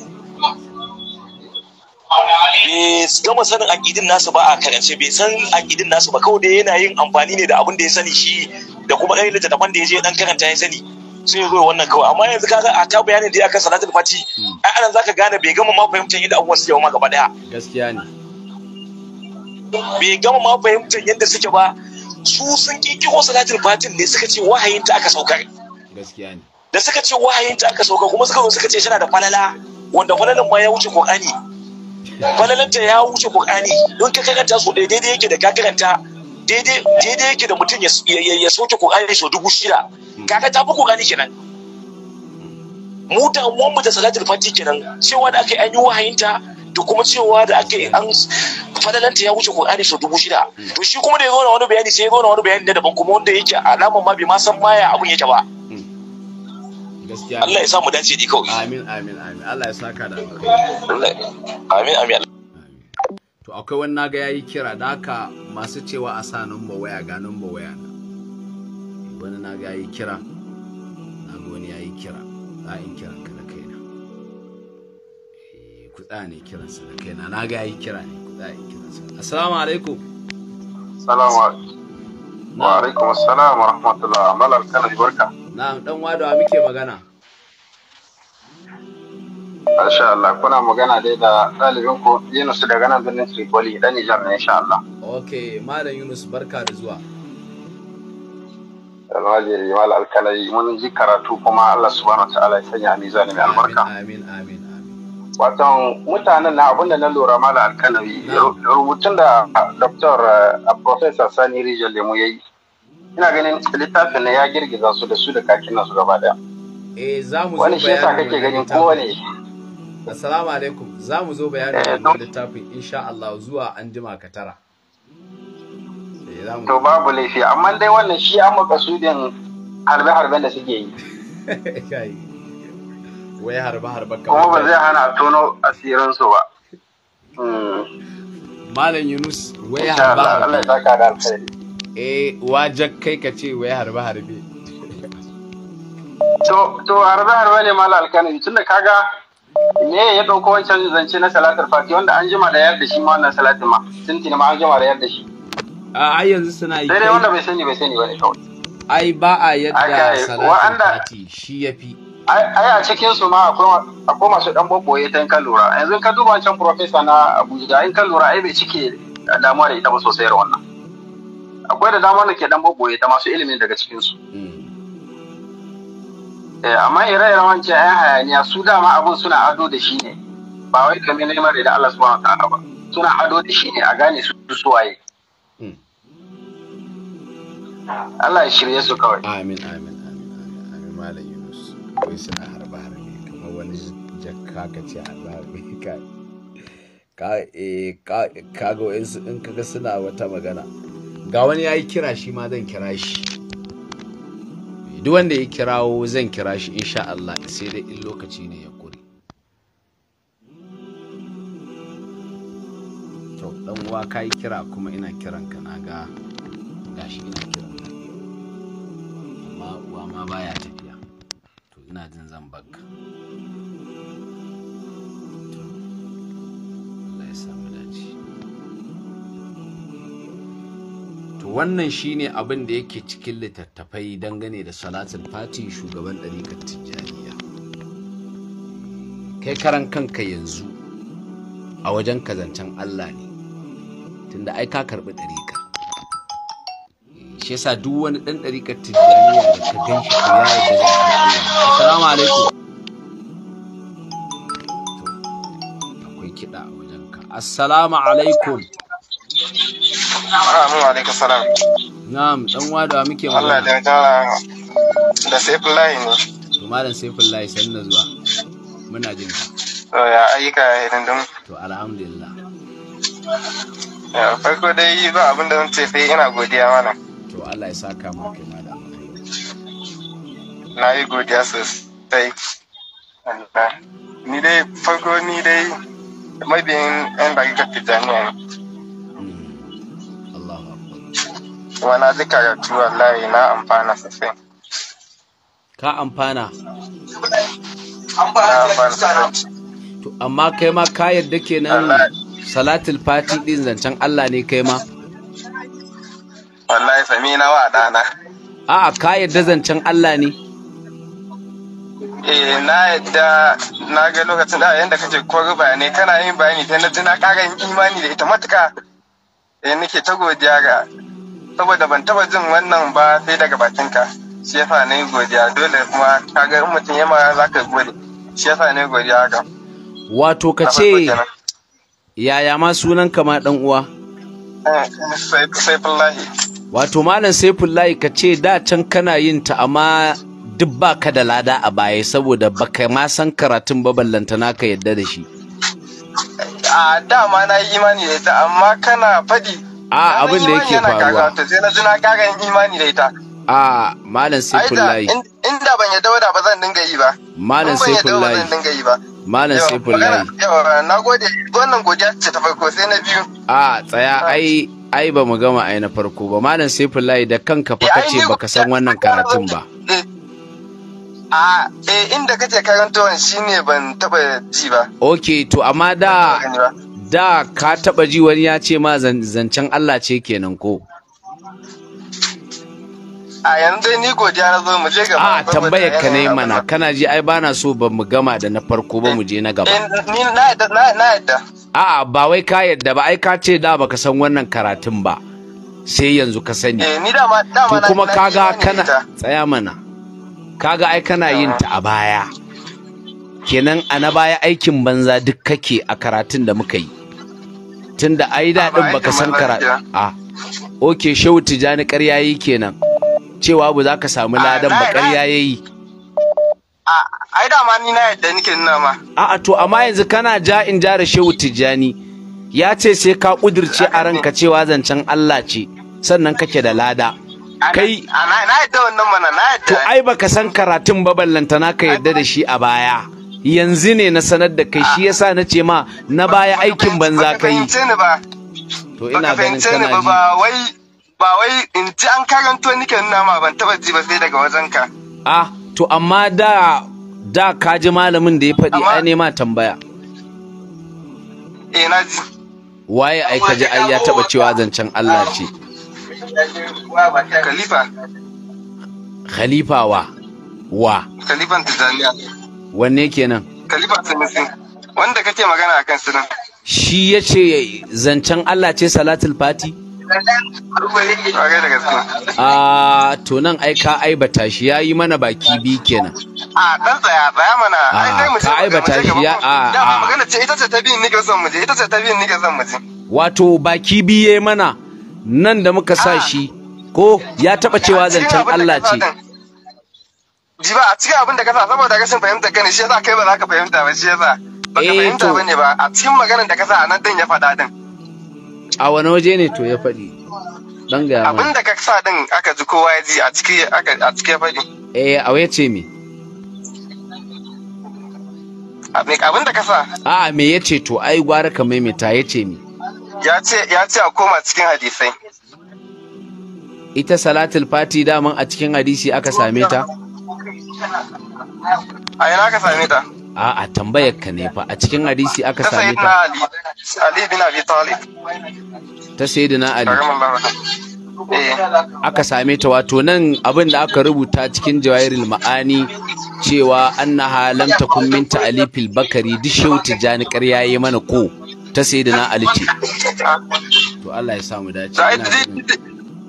bai gama sanin akidin nasu ba a karance bai san akidin nasu ba kawai da yana yin amfani ne da abin da ya sani shi da kuma ɗan littattafan da ya je ɗan karanta ya sani sun yi zuwa wannan kawai amma yanzu kaga a ta bayanin da ya kan salatul fati hmm. ai anan zaka gane bai gama ma fahimtar yadda abubuwan suke ma gaba daya gaskiya ne bai gama ma fahimtar yadda suke ba su sun kikiro salatul fatin ne suka ce wahayin ta aka saukar gaskiya ne da suka ce wahayin ta aka saukar kuma suka zo suka ce tana da falala wanda falalan ma ya wuce qur'ani falalan ta ya wuce qur'ani don ka karanta su daidai yake da ka karanta daidai yake da mutum ya soke qur'ani so dubu shida Kaka ta ku gani kenan mu da uwan mu da salatul fati kenan cewa da aka yi an yi wahayinta da kuma cewa da aka yi an fadalanta ya wuce Qur'ani sau dubu shida to shi kuma da ya zo na wani bayani sai ya zo na wani bayani da daban kuma wanda yake alaman ma bai ma san maya abun yake ba gaskiya Allah ya sa mu dace ni kawai amin amin amin Allah ya saka da amin amin to akwai wani naga yayi kira da haka masu cewa a sa number waya ga number waya na wani na ga yi kira na ga wani ya yi kira ra'ayin kiran ka na kaina eh, kuɗa ne kiransa na kaina na ga yi kira ne kuɗa kiran sa. assalamu alaikum salamu alaikum wa alaikum assalam wa rahmatullah malar kana barka na'am dan wadawa muke magana insha Allah kuna magana dai da ɗalibin ku Yunus daga nan birnin Tripoli dan Nijar ne insha Allah okay malam Yunus barka da zuwa almajiri mal alkalai mun ji karatu kuma Allah subhanahu wa ta'ala ya sanya mizani mai albarka amin amin watan mutanen na abin da na lura mala alkanawi rubutun da dr eh, professor sani rijal lemu ya yi ina ganin littafin na ya girgiza su da su da kakin nasu gaba da. Eh, wani shi yasa kake ganin kowane assalamu alaikum za mu zo bayanin eh, littafin insha Allah zuwa an jima ka tara to babu laifi amma dai wannan shi an makasudin harbe-harben da suke yi wai harbe-harbe kuma ba zai hana tono su ba hmm. Malam Yunus wai harba harbe. Eh wajen kai ka ce wai harba harbe. To to harbe harbe ne Malam Alkanabi tunda kaga me ya dauko wancan zance na salatar fati wanda an jima da yar da shi ma wannan salatin ma sun ma an jima da yar da shi. a yanzu suna yi dai wanda bai sani bai sani bane kawai ai ba a yadda salatin fati shi yafi ai a cikin su ma akwai masu dan bobboye ta ka lura yanzu ka duba can professor na Abuja in ka lura ai bai cike damuwa da ita ba sosai da wannan akwai da dama da ke dan bobboye ta masu ilimi daga cikin su mm. eh, amma ire-iren wancan ayan hayaniya su dama abun suna ado da shi ne ba wai kamar neman da Allah subhanahu wa ta'ala ba suna ado da shi ne a gane su suwaye Allah ya shirye su kawai amin amin amin amin malam Yunus wai suna harba harbe kamar wani jakka ka ce harba harbe eh, ka ka ga wa'insu in kaga suna wata magana ga wani ya yi kira shi ma zan kira shi duk wanda ya kirawo zan kira shi insha Allah sai dai in lokaci ne ya kuri. to dan uwa ka yi kira kuma ina kiran ka na ga gashi ina kiran amma baya tafiya to ina jin zan to wannan shine abin da yake cikin littattafai dangane da salatul fati shugaban ɗarikar tijjaniya kai karan kanka yanzu a wajen kazancen Allah ne tunda ai ka karɓi ɗarika shi yasa duk wani ɗan ɗariƙar tijjaniya da ka gan shi ya yi da assalamu alaikum akwai kiɗa a ka assalamu alaikum Assalamu alaikum salam. Na'am, dan wadawa muke magana. Allah da kara da Saifullahi ne. To malam Saifullahi san na zuwa. Muna jin ka. To ya ayyuka ya dan. To alhamdulillah. Ya farko dai ba abin da zan ce sai ina godiya mana. to Allah ya saka maka malam na yi godiya sosai ni dai fago ni dai mabiyin yan dakika tijaniya ne wana hmm. ji karatu wallahi na amfana sosai ka amfana to amma kai ma ka yadda kenan salatul fati din zancen Allah ne kai ma sami na wa ɗana. A'a ka yadda zancen Allah ne? Eh na yadda na ga lokacin da yadda kake ko ne kana yin bayani ta na tuna ƙara yin imani da ita matuka. Eh nake ta godiya ga saboda ban taba jin wannan ba sai daga bakinka. Shi yasa na yi godiya dole kuma ka ga in mutum ya mara za ka gode. Shi yasa na yi godiya ga Wato ka ce yaya ma sunan kama ɗan uwa? Eh, Saifullahi. wato malam saifullahi ka ce da can kana yin ta amma duk ba ka da lada a baya saboda baka ma san karatun ba ballantana ka yadda da shi a dama na yi imani da ita amma kana faɗi a abin da yake faruwa sai na ji na kaga imani da ita a ah, malam saifullahi inda ban yadda wada ba zan dinga yi ba malam saifullahi ban malam saifullahi yawa na gode wannan godiya ce ta farko sai na biyu a ah, tsaya ah. ai ai ba mu gama ai na farko ba malam saifullahi da kanka fa eh, kace baka san wannan karatun ba eh. a eh inda kace wannan shine ban taba ji ba okay to amma da da ka taba ji wani ya ce ma zancen Allah ce kenan ko a yanzu ni godiya na zo mu je gaba a tambayar ka ne mana kana ji ai bana so ba mu gama da na farko ba mu je na gaba eh, ni na yadda na yadda a'a ba wai ka yadda ba ai ka ce da baka san wannan karatun ba sai yanzu ka sani eh, to kuma kaga kana tsaya mana kaga ai kana yin ta a baya kenan a na baya aikin banza duk kake a karatun da muka yi tunda ai daɗin baka san karatu a oke shehu tijani ƙarya yi kenan cewa ba za ka samu ladan ba ƙarya yayi ai dama ni na yadda nake nuna ma a'a to amma yanzu kana ja in ja da Shehu Tijjani ya ce sai ka kudirce a ranka cewa zancen Allah ce sannan kake da lada kai na yadda wannan mana na yadda to ai baka san karatun ba ballanta na ka yadda da shi a baya yanzu ne na sanar da kai shi yasa na ce ma na baya aikin banza kai to ina ganin kana ji ba wai in ji an karanto nuna ma ban taba ji ba sai daga wajen ka ah to amma da da ka ji malamin da ya faɗi ai ne ma tambaya eh na ji waye ai ka ji ai ya taba cewa zancen Allah ce khalifa khalifa wa wa khalifan tijaniya wanne kenan khalifa sanusi wanda kake magana akan nan. shi yace zancen Allah ce salatul fati a to nan ai ka aibata shi ya yi mana baki bi kenan a dan tsaya tsaya mana ai sai mu ka aibata shi ya a a magana ce ita ce ta bi ni ga son mu je ita ce ta bi ni ga son mu je wato baki bi yayi mana nan da muka sa shi ko ya taba cewa zancen Allah ce Ji ba a cikin abin da ka sa saboda rashin fahimta gani shi yasa kai ba za ka fahimta ba shi yasa ba ka eh, fahimta bane ba a cikin maganar da ka sa a nan din ya faɗa din a wani waje ne to ya faɗi don ga abin da ka sa din aka ji kowa ya ji a ciki a ciki ya faɗi eh a waya ce me abinda da ka sa a me ya ce to ai gwara ka maimaita ya ce me ya ce ya ce a koma cikin hadisai ita salatul fati daman a cikin hadisi aka same ta a ina aka same ta A'a tambayar ka ne fa a cikin hadisi aka same ta. Ali bin Abi Talib. Ta Sayyidina Ali. Eh. Aka same ta wato nan abin da aka rubuta cikin jawahirul ma'ani cewa annaha lam takun min fil bakari duk tijani ƙarya yayi mana ko ta Sayyidina Ali ce. To Allah ya samu dace.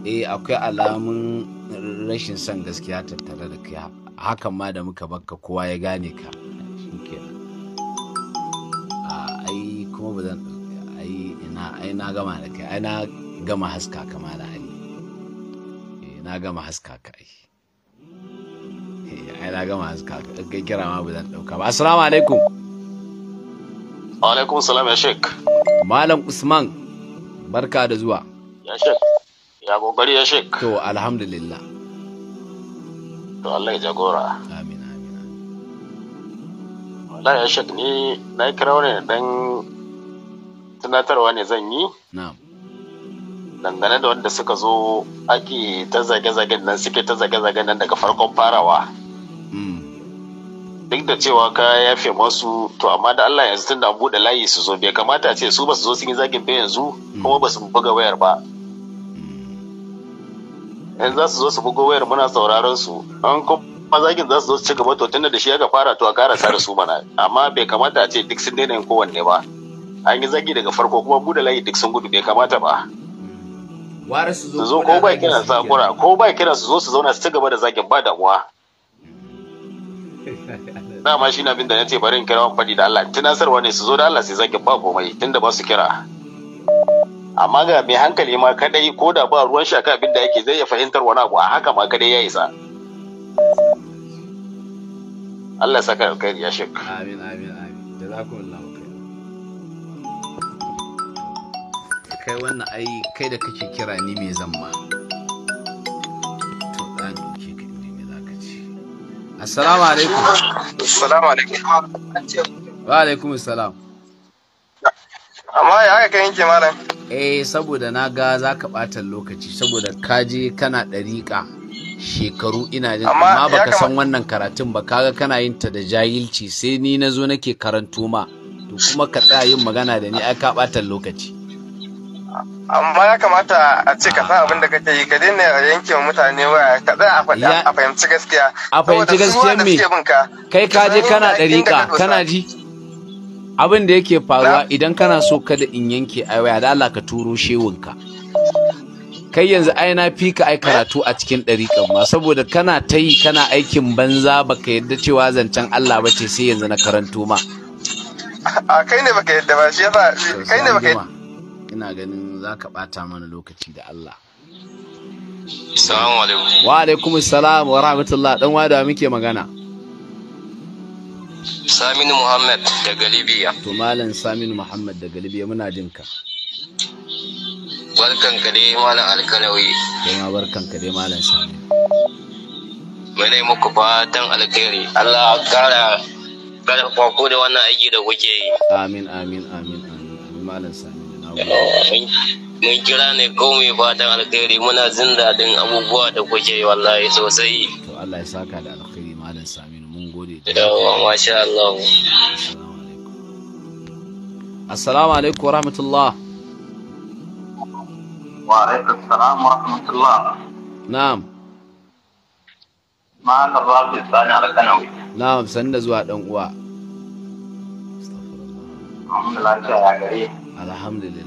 Eh akwai alamun rashin son gaskiya tattare da kai hakan ma da muka bakka kowa ya gane ka. kuma ba zan ai na gama da kai ai na gama haska kama eh, da eh, ai na gama haska kai ai na gama haska kai kira ma ba zan dauka ba assalamu alaikum wa alaikum assalam ya shek malam usman barka da zuwa ya shek ya gogari ya shek to alhamdulillah to Allah ya jagora amin amin wallahi ya shek ni na kira wani dan tunatarwa ne zan yi dangane da wanda suka zo ake ta zage-zagen nan suke ta zage-zagen nan daga farkon farawa hmm. duk da cewa ka yafe masu to amma da Allah yanzu tun da buɗe layi su zo bai kamata ce su ba su zo sun yi zagin bai yanzu hmm. kuma ba su buga wayar ba yanzu hmm. za su zo su buga wayar muna sauraron su an kuma zagin za su zo su ci gaba to tun da shi ya fara to a karasa da su mana amma bai kamata a ce duk sun daina yin kowanne ba. an yi zagi daga farko kuma bude layi duk sun gudu bai kamata ba su zo ko ba kiran zakura ko ba kiran su zo su zauna su ci gaba da zagin ba damuwa ma shi na abin da na ce bari in kira wani faɗi da Allah tunasarwa ne su zo da Allah sai zagin ba komai tunda ba su kira amma ga mai hankali ma kadai ko da ba ruwan shaka abin da yake zai iya fahimtar wani abu a haka ma kadai ya isa Allah saka alkhairi ya shek amin amin amin jazakumullah kai wannan ai kai da kake kira ni mai zamma to da doke kai inda me zaka ce assalamu alaikum assalamu alaikum wa alaikum assalam amma ya ga kai yanke malam eh saboda na ga zaka bata lokaci saboda kaje kana dariƙa shekaru ina jin amma baka san wannan karatun ba kaga kana yin ta da jahilci sai ni nazo nake karanto ma to kuma ka tsaya yin magana da ni ai ka bata lokaci amma ya kamata a ce ka san abin da kake yi ka daina yanke wa mutane waya ka tsaya a fahimci gaskiya a fahimci gaskiya me kai ka je kana dariƙa kana ji abin da yake faruwa idan kana so kada in yanke a waya da Allah ka turo shewunka kai yanzu ai na fi ka ai karatu a cikin ɗariƙan ma saboda kana ta yi kana aikin banza baka yadda cewa zancen Allah ba ce sai yanzu na karanto ma a kai ne baka yadda ba shi yasa kai ne baka yadda ina ganin za ka ɓata mana lokaci da Allah. Salamu Wa alaikum salam wa rahmatullah dan wada muke magana. Saminu Muhammad daga Libya. To Malam Saminu Muhammad daga Libya muna jinka. Barkan ka dai Malam Alkalawi. Kuma barkan ka dai Malam Saminu. Mene muku fatan alkhairi. Allah ya kara karfafa ku da wannan aiki da kuke yi. Amin amin amin amin. Malam Saminu. mun kira ne ko mai fatan alkhairi muna jin daɗin abubuwa da kuke wallahi sosai to Allah ya saka da alkhairi malam Sami mun gode da yawa masha Allah Assalamu alaikum wa rahmatullah Wa alaikum salam wa rahmatullah Na'am ma ka Malam Rabi Sani Alkanawi Na'am san da zuwa dan uwa Alhamdulillah ya gare Alhamdulillah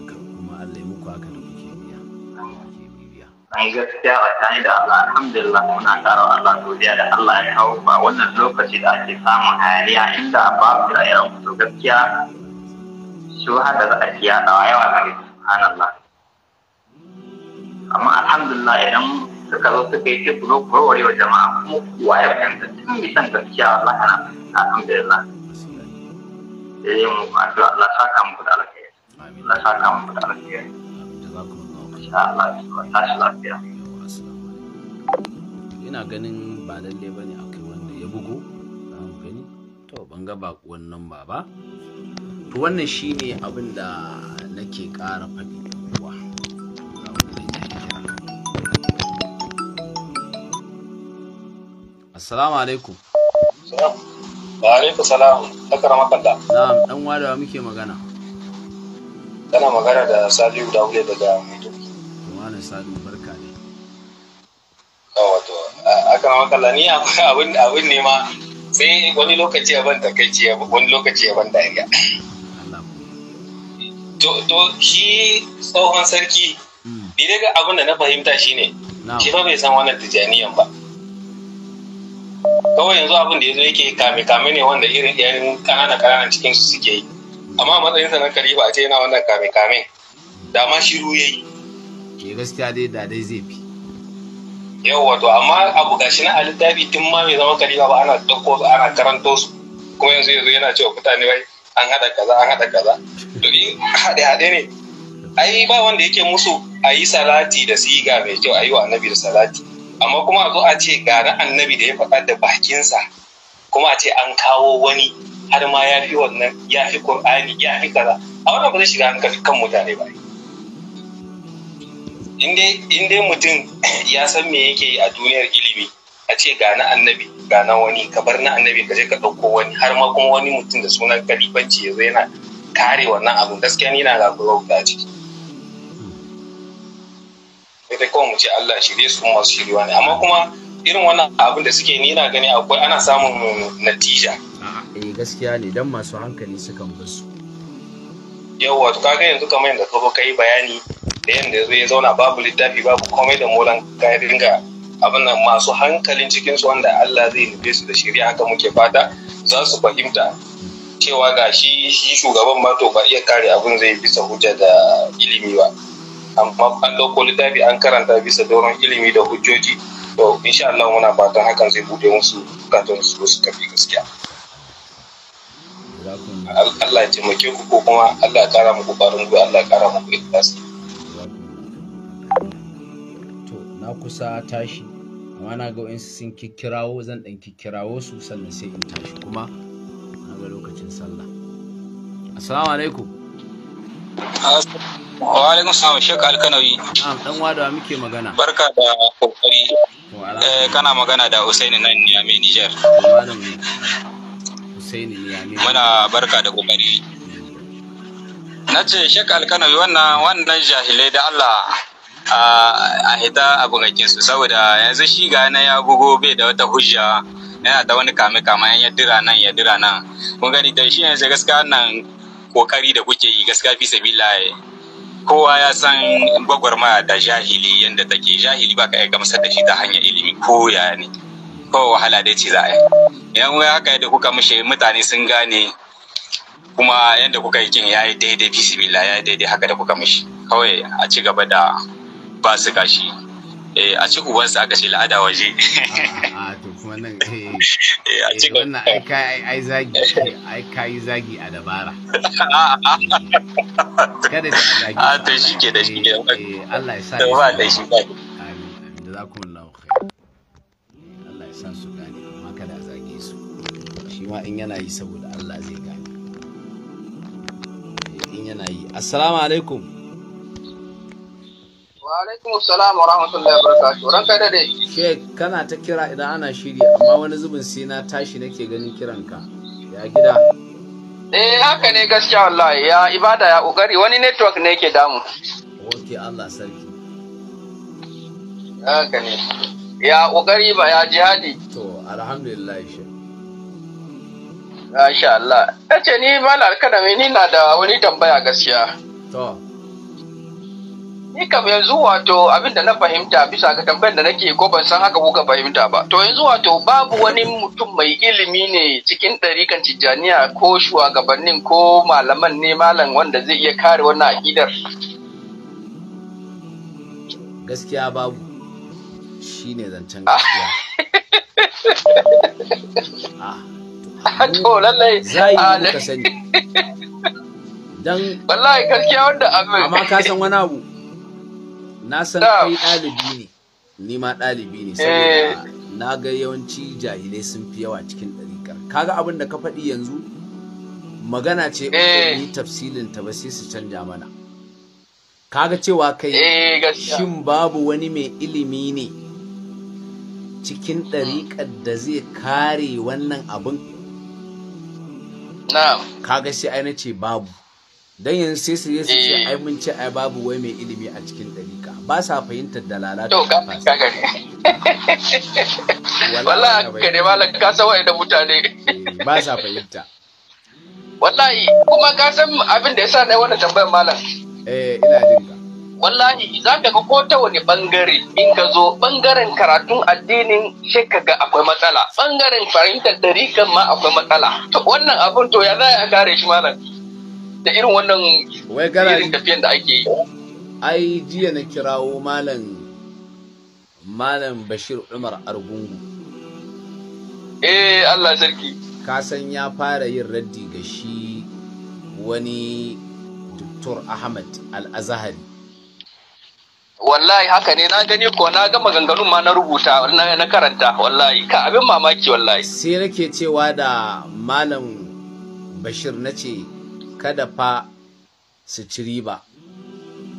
mai gaskiya a tani da Allah alhamdulillah muna taro Allah godiya da Allah ya hau ba wannan lokaci da ake samun hayaniya inda babu da irin to gaskiya su hada da ake wa yawa kare subhanallah amma alhamdulillah idan suka zo suka yi ce kuro kuro wa jama'a kuma kuwa ya fahimta tun bisan gaskiya Allah kana alhamdulillah eh mu ba Allah saka mu da alkhairi Allah saka mu da alkhairi insha Allah tashi lafiya ina ganin ba lalle ba ne akwai wanda ya bugu. za mu gani to ban ga bakuwan nan ba ba to wannan shine abin da nake ƙara faɗi uwa Assalamu alaikum. Wa alaikum salam. Takara makalla. Na'am, dan wadawa muke magana. Kana magana da Saliu Dawule daga malam sadu barka ne wato akan makalla ni abin abin ne ma sai wani lokaci ya ban takaici wani lokaci ya ban ya to to shi tsohon sarki hmm. ni daga abin da na fahimta shine shi fa bai san wannan tijaniyan ba kawai yanzu abin da ya zo yake kame kame ne wanda irin yan kanana kananan cikin su suke yi amma matsayin sa na kari a ce yana wannan kame kame da ma shiru yayi ke gaskiya dai da dai zai fi yau wato amma abu gashi na alittafi tun ma mai zama kalima ba ana ɗauko su ana karanto su kuma yanzu yanzu yana cewa mutane wai an haɗa kaza an haɗa kaza to in haɗe haɗe ne ai ba wanda yake musu a yi salati da siga mai kyau a yi wa annabi da salati amma kuma a zo a ce ga na annabi da ya faɗa da bakinsa kuma a ce an kawo wani har ma ya fi wannan ya fi ƙur'ani ya fi kaza a wannan ba zai shiga hankali kan mutane ba in dai mutum ya san me yake a duniyar ilimi a ce ga na annabi ga na wani ka bar na annabi ka je ka ɗauko wani har ma kuma wani mutum da sunan kalifanci ya zo yana kare wannan abun gaskiya ni na gagoro guda ciki ita kawai mu ce Allah shirye su masu shiriwa ne amma kuma irin wannan abin da suke ni na gani akwai ana samun natija eh gaskiya ne dan masu hankali sukan basu yawa to kaga yanzu kamar yadda ka zo ka yi bayani da yadda ya ya zauna babu littafi babu komai da molan ka dinga abin nan masu hankalin cikin su wanda Allah zai nufe su da shirya haka muke fata za su fahimta cewa ga shi shi shugaban ma to ba iya kare abin zai bisa hujja da ilimi ba amma an ɗauko littafi an karanta bisa doron ilimi da hujjoji to insha Allah muna fatan hakan zai bude musu bukatun su su kafi gaskiya. Allah ya taimake ku ko kuma Allah ya kara muku ƙwarin gwiwa Allah ya kara muku ikhlasi to na kusa tashi amma na ga wayansu sun kikkirawo zan dan kikkirawo su sannan sai in tashi kuma na ga lokacin sallah assalamu alaikum wa alaikum salam shek alkanawi na'am dan wadawa muke magana barka da kokari eh, kana magana da Usaini nan ne a Niger Muna barka da kokari. Na ce Sheikh Alkanawi wannan jahilai da Allah a hita a bugakin su saboda yanzu shi ga na ya bugo bai da wata hujja yana da wani kame kama yan yadira nan yadira nan kun gani da shi yanzu gaskiya nan kokari da kuke yi gaskiya fi sabilillahi kowa ya san gwagwarmaya da jahili yadda take jahili ba ka iya gamsar da shi ta hanyar ilimi ko yaya ne kawai wahala dai ce za a yi idan wai haka yadda kuka mushe mutane sun gane kuma yadda kuka yi kin yayi daidai bismillah yayi daidai haka da kuka mushe kawai a ci gaba da ba su kashi eh, a ci ubansa aka ce la'ada waje wannan ai zagi ai zagi a dabara kada ta zagi a ah, to da shi ke eh, eh, Allah ya sa da ba da shi da za ku ma in yana yi saboda Allah zai gane eh, in yana yi assalamu alaikum wa alaikum assalam wa rahmatullahi wa barakatuh ran kai dade ke kana ta kira idan ana shiri amma wani zubin sai na tashi nake ganin kiranka ya gida eh haka ne gaskiya wallahi ya ibada ya kokari wani network ne yake damu okay Allah sarki haka ne ya kokari ba ya jihadi to alhamdulillah shi Masha Allah. Ya ce ni mala alkadami ni na da wani tambaya gaskiya. To. Ni kam yanzu wato abin da na fahimta bisa ga tambayar da nake ko ban san haka ko ka fahimta ba. To yanzu wato babu wani mutum mai ilimi ne cikin ɗarikan tijjaniya ko shugabannin ko malaman ne malam wanda zai iya kare wannan aƙidar. Gaskiya babu. Shi ne zancen gaskiya. Ah. to lallai zai ka sani dan wallahi gaskiya wanda abin amma ka san wani abu na san kai ɗalibi ne ni ma ɗalibi ne saboda eh. na ga yawanci jahilai sun fi yawa cikin ɗariƙar kaga abin da ka faɗi yanzu magana ce ni eh. tafsilin ta ba sai su canja mana kaga cewa kai eh, shin babu wani mai ilimi ne cikin ɗariƙar da zai kare wannan abin kaga shi ai ce babu dan yanzu sai su yi su ce eh. ai mun ce ai babu wai mai ilimi a cikin dalika ba sa fahimtar dalala to ka gari wallahi ka ne malam ka san wa'annan mutane eh, ba sa fahimta wallahi kuma ka san abin da yasa na wannan tambayar malam eh ina jin ka wallahi za ka ga ko ta wani bangare in ka zo bangaren karatun addinin sai ka ga akwai matsala bangaren fahimtar kan ma akwai matsala to wannan abin to ya za a kare shi malam da irin wannan irin tafiyan da ake yi ai jiya na kirawo malam malam bashir umar argungu eh allah sarki kasan ya fara yin raddi ga shi wani Dr. Ahmad al azahari wallahi haka ne na gani ko na ga maganganun ma na rubuta na karanta wallahi ka abin mamaki wallahi sai nake cewa da malam bashir na ce kada fa su ci riba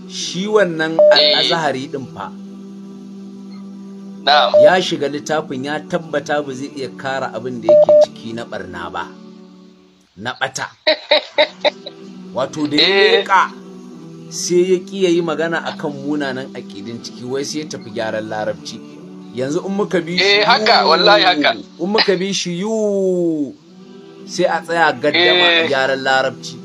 shi wannan eh. al'azahari din fa ya shiga littafin ya tabbata ba zai iya kara abin da yake ciki na barna ba na bata wato da ya eh. sai ya ƙi ya yi magana akan munanan aƙidin ciki wai sai ya tafi gyaran larabci yanzu in muka bi shi eh, haka wallahi haka in muka bi shi yu sai a tsaya gaddama a eh. gyaran larabci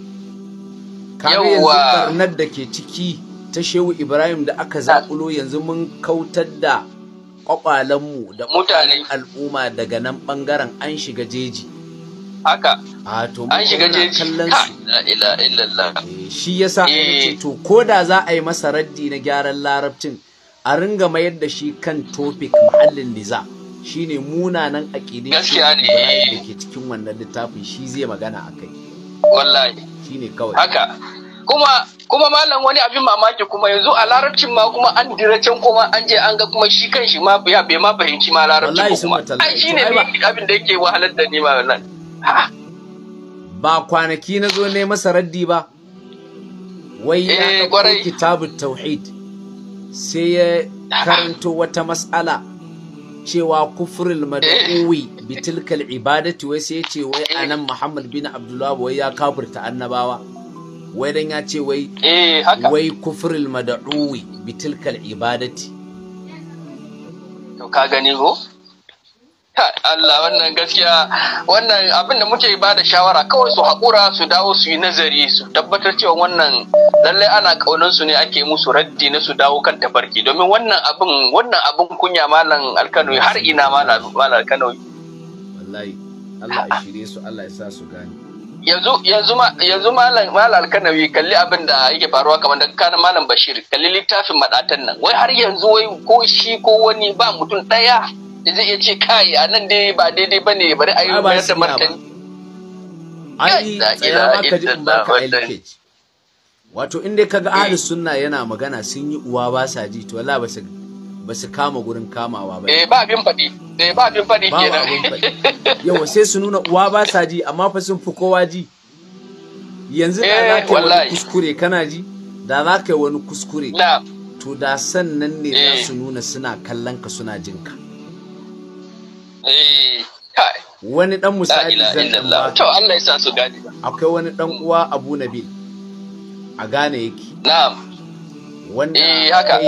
kamar yanzu karnar da ke ciki ta shehu ibrahim da aka zaƙulo yanzu mun kautar da mu da mutanen al'umma daga nan ɓangaren an shiga jeji haka an shiga jeji ha ila illallah eh, shi yasa eh. ce to ko da za a yi masa raddi na gyaran larabcin a ringa mayar da shi kan topic mahallin liza shine munanan aƙidin gaskiya ne da ke cikin wannan littafin shi zai magana akai wallahi shine kawai haka kuma kuma malam wani abin mamaki kuma yanzu a larabcin ma kuma an dira kuma an je an ga kuma shi kan shi ma bai ma fahimci ma larabcin kuma ai shine abin da yake wahalar da ni ma wannan ba kwanaki na zo ne masa raddi ba wai ya eh, ɗauko kitabun tauhid sai ya ah. karanto wata mas'ala cewa kufurin mad'uwi eh. bitilkal ibadati wai sai ya ce wai eh. anan Muhammad bin Abdullah wai ya kafurta annabawa wai dan ya ce wai wai kufurin mad'uwi bitilkal ibadati to ka Allah wannan gaskiya wannan abin da muke ba da shawara kawai su haƙura su dawo su yi nazari su tabbatar cewa wannan lallai ana ƙaunar su ne ake musu raddi na su dawo kan tafarki domin wannan abin wannan abin kunya malam alkano har ina malam alkano wallahi Allah ya shirye su Allah ya sa su gane yanzu yanzu yanzu malam malam alkanawi kalli abin da yake faruwa kamar da kan malam bashir kalli littafin madatan nan wai har yanzu wai ko shi ko wani ba mutum daya zai iya ce kai a nan dai ba daidai ba ne bari a yi mayar da martani ai tsaya maka ji in baka LKG wato inda ka ga ahli sunna yana magana sun yi uwa ba sa ji to wala ba su ba su kama gurin kamawa ba eh ba abin faɗi eh ba abin faɗi kenan yawa sai su nuna uwa ba sa ji amma fa sun fi kowa ji yanzu da eh, za ka wani kuskure kana ji da za ka yi wani kuskure to da sannan ne za eh. su nuna suna kallon ka suna jinka Eh, wani dan misali zan ba to Allah ya sa su gane akwai wani dan uwa Abu Nabil a gane yake na'am wanda eh haka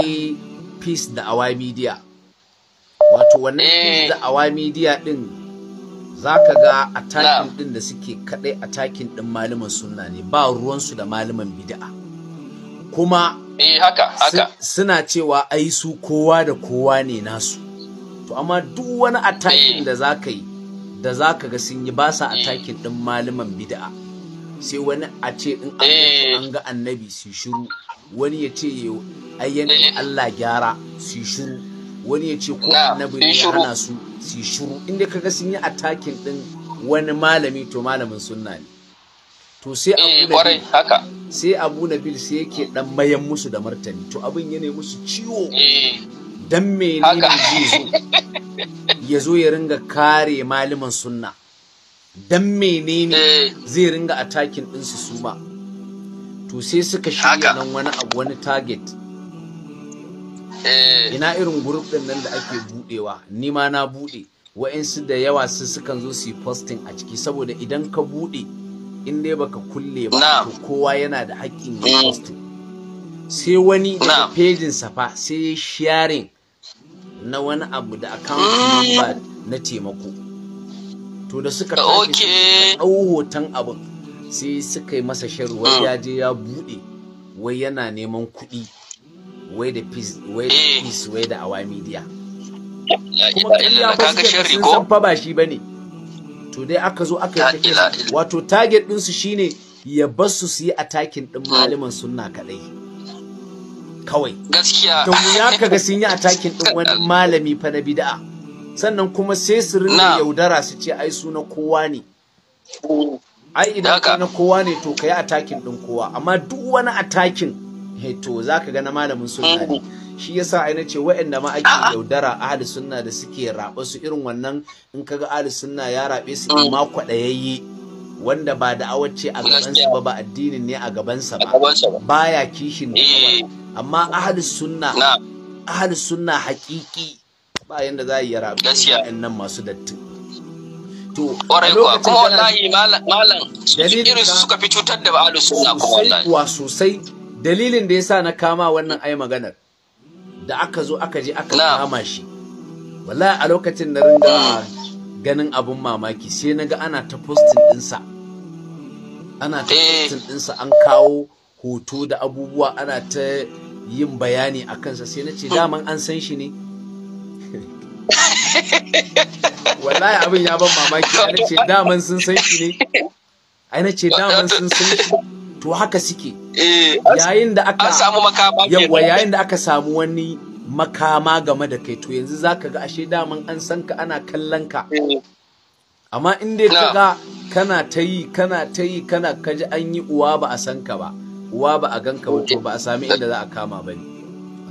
peace da awa media wato wannan eh. peace da awa media din zaka ga attacking din da suke kadai attacking din malaman sunna ne ba ruwan su da malaman bid'a kuma eh haka haka suna cewa ai su kowa da kowa ne nasu to amma duk wani attacking eh. da za ka yi da za ka ga sun yi ba sa eh. attacking ɗin malaman bid'a sai wani a ce in an ga eh. annabi su shiru wani ya ce ayyana Allah gyara su shiru wani ya ce ko ah, annabi ne ya hana su su shiru inda ka ga sun yi attacking ɗin wani malami to malamin sunna ne to sai abu nabil sai abu bil sai yake dan mayan musu da martani to abin ya ne musu ciwo dan menene ya zo ya ringa kare malaman sunna dan menene eh. zai ringa attacking ɗinsu su ba to sai suka shirya nan wani abu wani target eh. ina irin group din nan da ake budewa ni ma na buɗe wa'insu da yawa su sukan zo su yi posting a ciki saboda idan ka bude in dai baka kulle ba to kowa yana da haƙƙin yin mm. posting sai wani daga pejin sa sai ya sharing na wani abu da account number mm. na taimako to da suka tashi ɗau hoton abin sai suka yi masa shiru wai mm. ya je ya buɗe wai yana neman kuɗi wai da peace wai da eh. awa media kuma ƙarya ba su sun fa ba shi bane to dai aka zo aka yi wato target ɗinsu shine ya bar su su yi attacking ɗin mm. malaman sunna kaɗai kawai gaskiya to mu ya kaga sun yi attacking din wani malami fa na bid'a sannan kuma sai su rinda yaudara su ce ai su na kowa ne ai idan ka na kowa ne to kai attacking din kowa amma duk wani attacking he to ka ga na malamin sunna ne mm-hmm. shi yasa ai ce wa'anda ma ake yaudara ahli sunna da suke raba su irin wannan in kaga ahli sunna ya rabe su mm. ma kwaɗayayi. wanda ba da ce a gabansa ba ba addinin ne a gabansa ba baya kishin da amma ahalus sunna ahalus sunna hakiki ba yanda za a yi yara bayan nan masu datti to kwarai kuwa kuma wallahi malam irin su suka fi cutar da ahalus sunna kuma wallahi wa sosai dalilin da ya sa na kama wannan ai maganar da aka zo aka je aka kama shi wallahi a lokacin da ringa ganin abun mamaki sai naga ana ta postin dinsa ana ta eh. postin dinsa an kawo hoto da abubuwa ana ta yin bayani a kansa sai na ce daman an san shi ne wallahi abin ya ban mamaki ana ce daman sun san shi ne ana ce daman sun san shi to haka suke eh, yayin da aka samu makama yawa yayin da aka samu wani makama game da kai to yanzu zaka ga ashe daman an san ka ana kallon ka eh. amma in dai kana ta yi kana ta yi kana kaji an yi uwa ba a san ka ba Wa ba a ganka ba to ba a sami inda za a kama ba ne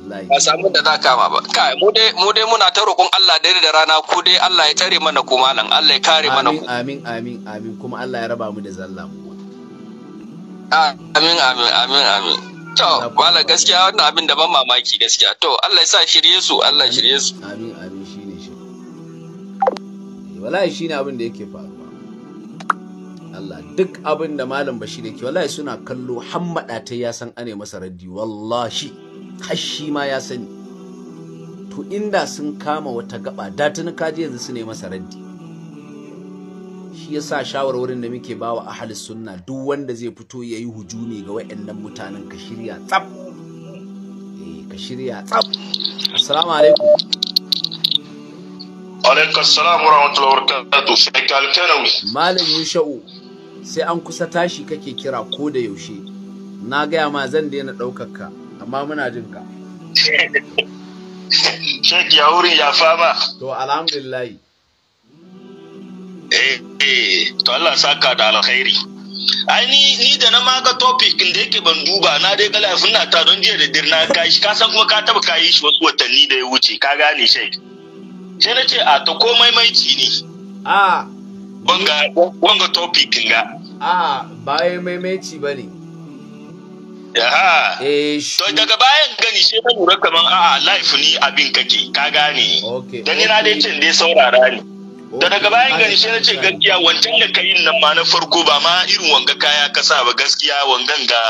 Ba ba sami inda za a kama ba kai mu dai mu dai muna ta roƙon Allah dare da rana ku dai Allah ya tare mana ku malam Allah ya kare mana ku amin amin amin kuma Allah ya raba mu da zalla mu amin amin amin amin to wala gaskiya wannan abin da ban mamaki gaskiya to Allah ya sa shirye su Allah shirye su amin amin shine shi eh, wallahi shine abin da yake faru duk abin da malam bashir yake wallahi suna kallo hammada ta ya san ane masa raddi wallahi hashi ma ya sani to inda sun kama wata gaba da tuni kaji yanzu su ne masa raddi shi yasa shawarwarin da muke bawa ahli sunna duk wanda zai fito yayi hujumi ga wayannan mutanen ka shirya tsaf eh ka shirya tsaf assalamu alaikum alaikum assalam wa rahmatullahi wa barakatuh sai kalkanawi malam yusha'u sai an kusa tashi kake kira ko da yaushe na gaya ma zan daina ɗaukar ka amma muna jin ka Sheikh ya wurin ya fama to alhamdulillah eh eh to Allah saka da alkhairi ai ni ni da na maga topic da yake ban duba na dai kala na ta don jiya da dirna kai shi ka san kuma ka taba kai shi wasu watanni da ya wuce ka gane Sheikh sai na ce a ta komai mai ci ne a ah. wanga wanga topic ga a bayan maimaici ba ne eh, to daga bayan gani shi ta lura kamar a life ni abin kake ka gane da ni na dai cin dai saurara ne da daga bayan gani shi na ce gaskiya wancan da ka yi nan ma na farko ba ma irin wanga kaya ka sa ba gaskiya wangan ga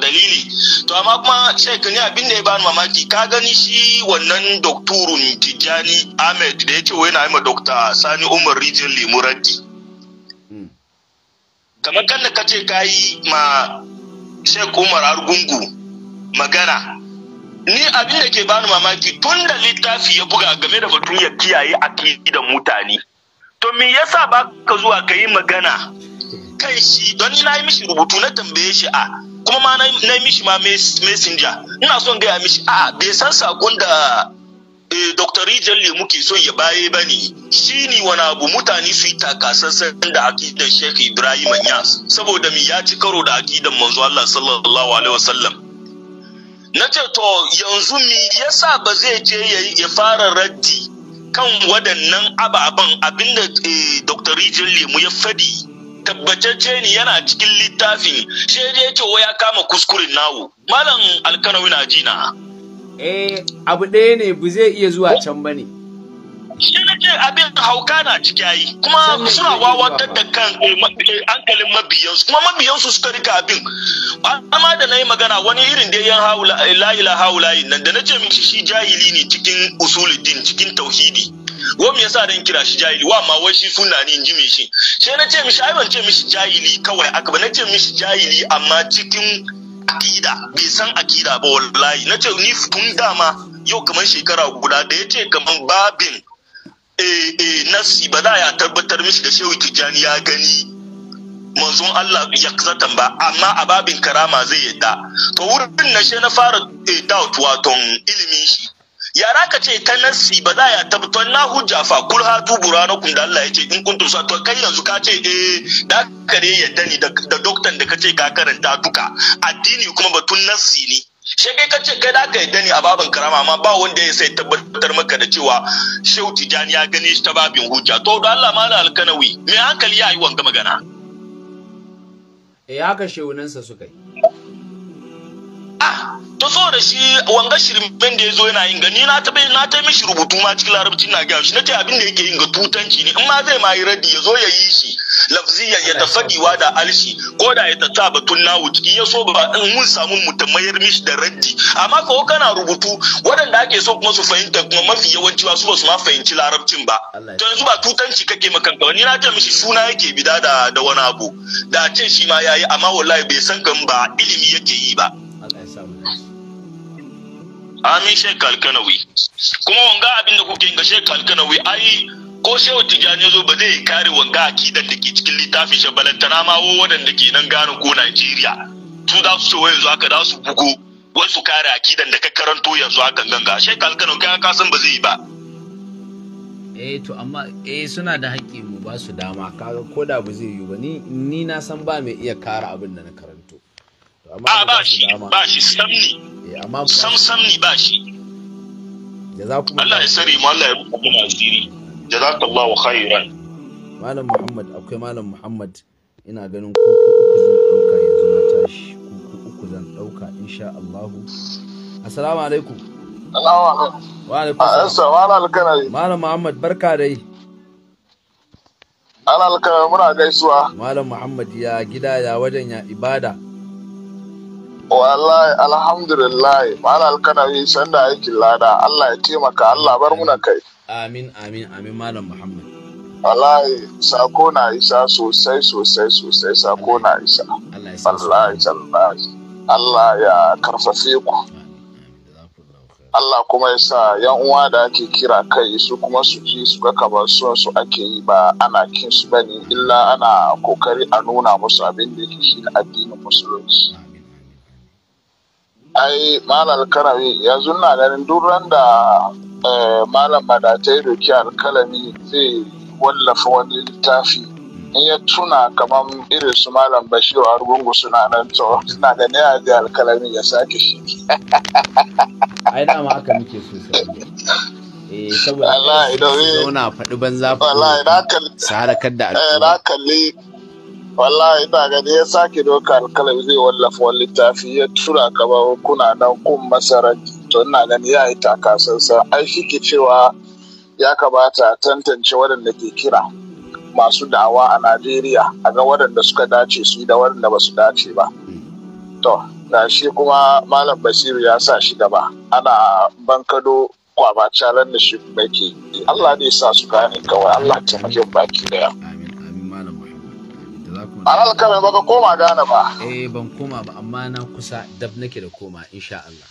dalili to amma kuma sai ka ni abin da ya bani mamaki ka gani shi wannan doktorun tijjani ahmed da ya ce wai na yi ma dokta sani umar rijin limuraddi kamar kan ka kace ka yi ma Sheikh Umar Argungu magana ni abin da ke bani mamaki tun da littafi ya buga game da batun ya kiyaye a da mutane to me yasa ba ka zuwa ka yi magana kai shi don ni na yi mishi rubutu na tambaye shi a ah, kuma ma na yi mishi ma messenger ina son gaya mishi a ah, bai san sakon da eh dr rijal lemu ke so ya baye ba ne shi ne wani abu mutane su yi takasassan da akidar sheikh ibrahim Anyas saboda mi ya ci karo da akidar manzo allah sallallahu alaihi wasallam na ce to yanzu mi yasa ba zai je ya fara raddi kan waɗannan ababen abinda eh, dr rijal lemu ya fadi tabbatacce ne yana cikin littafin shi ya ce ya kama kuskurin nawo malam alkanawi na jina eh abu ɗaya ne bu zai iya zuwa can ba ne shi na ce abin hauka na ciki yayi kuma suna wawantar da kan eh, eh, hankalin mabiyansu kuma mabiyansu suka rika abin amma da na yi magana wani irin da yan la'ila haulayi nan da na ce mishi shi jahili ne cikin usulidin cikin tauhidi wa me yasa dan kira shi jahili wa ma wai shi suna ne in ji me shi sai na ce mishi ai ban ce mishi jahili kawai aka ba na ce mishi jahili amma cikin akida bai san akida ba wallahi na ce ni tun dama yau kamar shekara guda da ya ce kamar babin eh, eh, nasi ba za ya tabbatar mishi da shehu tijani ya gani manzon Allah ya zatan ba amma a babin karama zai yadda to wurin na she na fara eh, doubt waton ilimin shi yara ka ce ta nassi ba za ya tabbatar na hujja fa kul hatu buranakum da Allah ya ce in kuntum sa to kai yanzu ka ce eh da kare yadda ni da doktan da ka ce ka karanta duka addini kuma batun nassi ne shi kai ce kai da ka yadda ni a babin karama amma ba wanda ya sai tabbatar maka da cewa Shehu Tijani ya gane shi ta babin hujja to da Allah mala alkanawi me hankali ya yi wanga magana eh haka shehunansa suka yi ah to da shi wanga shirmen da ya zo yana yin gani na taɓa na ta mishi rubutu ma cikin larabci na gaya shi na ce abin da yake yin ga tutanci ne in ma zai ma yi raddi ya zo ya yi shi lafziya ya ta wa da alshi ko da ya ta batun nawu ciki ya so ba in mun samu mu mishi da raddi amma ko kana rubutu waɗanda ake so kuma su fahimta kuma mafi yawanci ba su ba su ma fahimci larabcin ba to yanzu ba tutanci kake maka ka ni na ce mishi suna yake bida da da wani abu da ce shi ma yayi amma wallahi bai san kan ba ilimi yake yi ba amin shek alkanawi kuma wanga abin da kuke ga shek alkanawi ai ko wata jani zo ba zai kare wanga akidar da ke cikin littafin shi balantana ma wo waɗanda ke nan gane ko Najeriya su za su so yanzu haka za su bugo wai su kare akidar da ka karanto yanzu hakan ganga shek alkanawi kai ka san ba zai yi ba eh to amma eh suna da haƙƙi mu ba su dama kaga ko da ba zai yi ba ni ni na san ba mai iya kare abin da na kara a ba shi eh, ba shi samni sam samni ba shi Allah ya sare mu Allah ya rufe mu asiri jazakallahu khairan malam Muhammad akwai malam Muhammad ina ganin ku uku zan dauka yanzu na tashi ku uku zan dauka insha Allah assalamu alaikum wa alaikum assalam malam Muhammad barka dai Alalka muna gaisuwa. Malam Muhammad ya gida ya wajen ya ibada. wallahi alhamdulillah malam alkanawi sanda aikin lada Allah ya taimaka Allah bar muna kai amin amin amin malam muhammad wallahi sako na isa sosai sosai sosai sako na isa wallahi wallahi Allah ya karfafe ku Allah kuma ya sa yan uwa da ake kira kai su kuma su ji su ga kamar son su ake yi ba ana kin su bane illa ana kokari a nuna musu abin da yake shi addinin musulunci ai malam alkalami yanzu na ganin duk da eh, malam ya doki alkalami zai wallafa wani littafi in ya tuna kamar irin su malam bashiru argungu suna nan to suna da ne a ji alkalami ya sake shi ai ma haka muke so ya eh, dawo zauna faɗi banza fa wallahi na kalli wallahi ina da ya sake doka alkalam zai wallafa wani littafi ya tura gaba kuna nan kun masarar to ina gani ya yi sa ai shi ke cewa ya kamata a tantance waɗanda ke kira masu dawa a najeriya a ga waɗanda suka dace su da waɗanda ba su dace ba to ga shi kuma malam basiru ya sa shi gaba ana bankado kwaba calon da shi ke allah ne sa su gane kawai allah ta baki daya. alal kame ba ka koma gane ba eh ban koma ba amma na kusa dab nake da koma insha Allah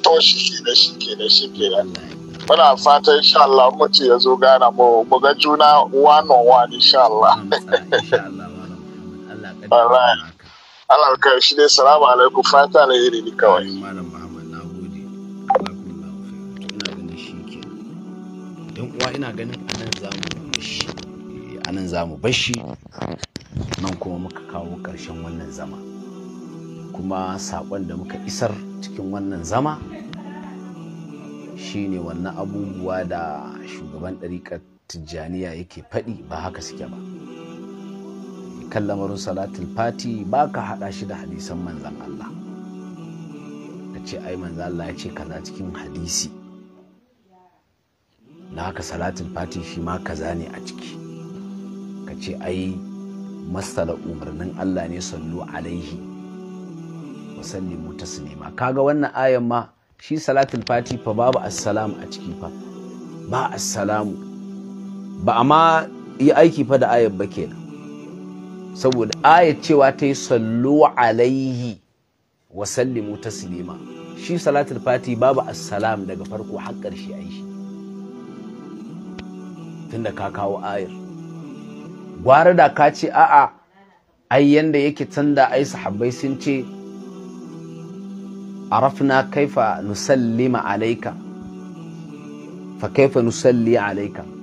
to shi shi da shi ke da shi ke da muna fata insha Allah mutu ya zo gana mu mu ga juna one on one insha Allah insha Allah Allah Allah kai shi dai salamu alaikum fata na yiri ni kawai malam Muhammad na gode ina ganin shi anan zamu bashi eh, nan kuma muka kawo ƙarshen wannan zama kuma saƙon da muka isar cikin wannan zama shi ne wannan abubuwa da shugaban ɗariƙar tijjaniya yake faɗi ba haka suke ba kan lamarin salatul fati ba ka haɗa shi da hadisan manzan Allah da ce ai manzan Allah ya ce kaza cikin hadisi na haka salatul fati shi ma kaza ne a ciki ka ce ai masala umarnin Allah ne sallu alaihi wa sallimu taslima kaga wannan ayan ma shi salatul fati fa babu assalamu a ciki fa ba assalamu ba amma yi aiki fa da ayar ba kenan saboda ayar cewa ta yi sallu alaihi wa sallimu sinima, shi salatul fati babu assalam daga farko har ƙarshe aishi, tun tunda ka kawo ayar gwara da ka ce a'a ai yanda yake can da ai sahabbai sun ce arafna kaifa nusallima alaika fa kaifa nusalli alaika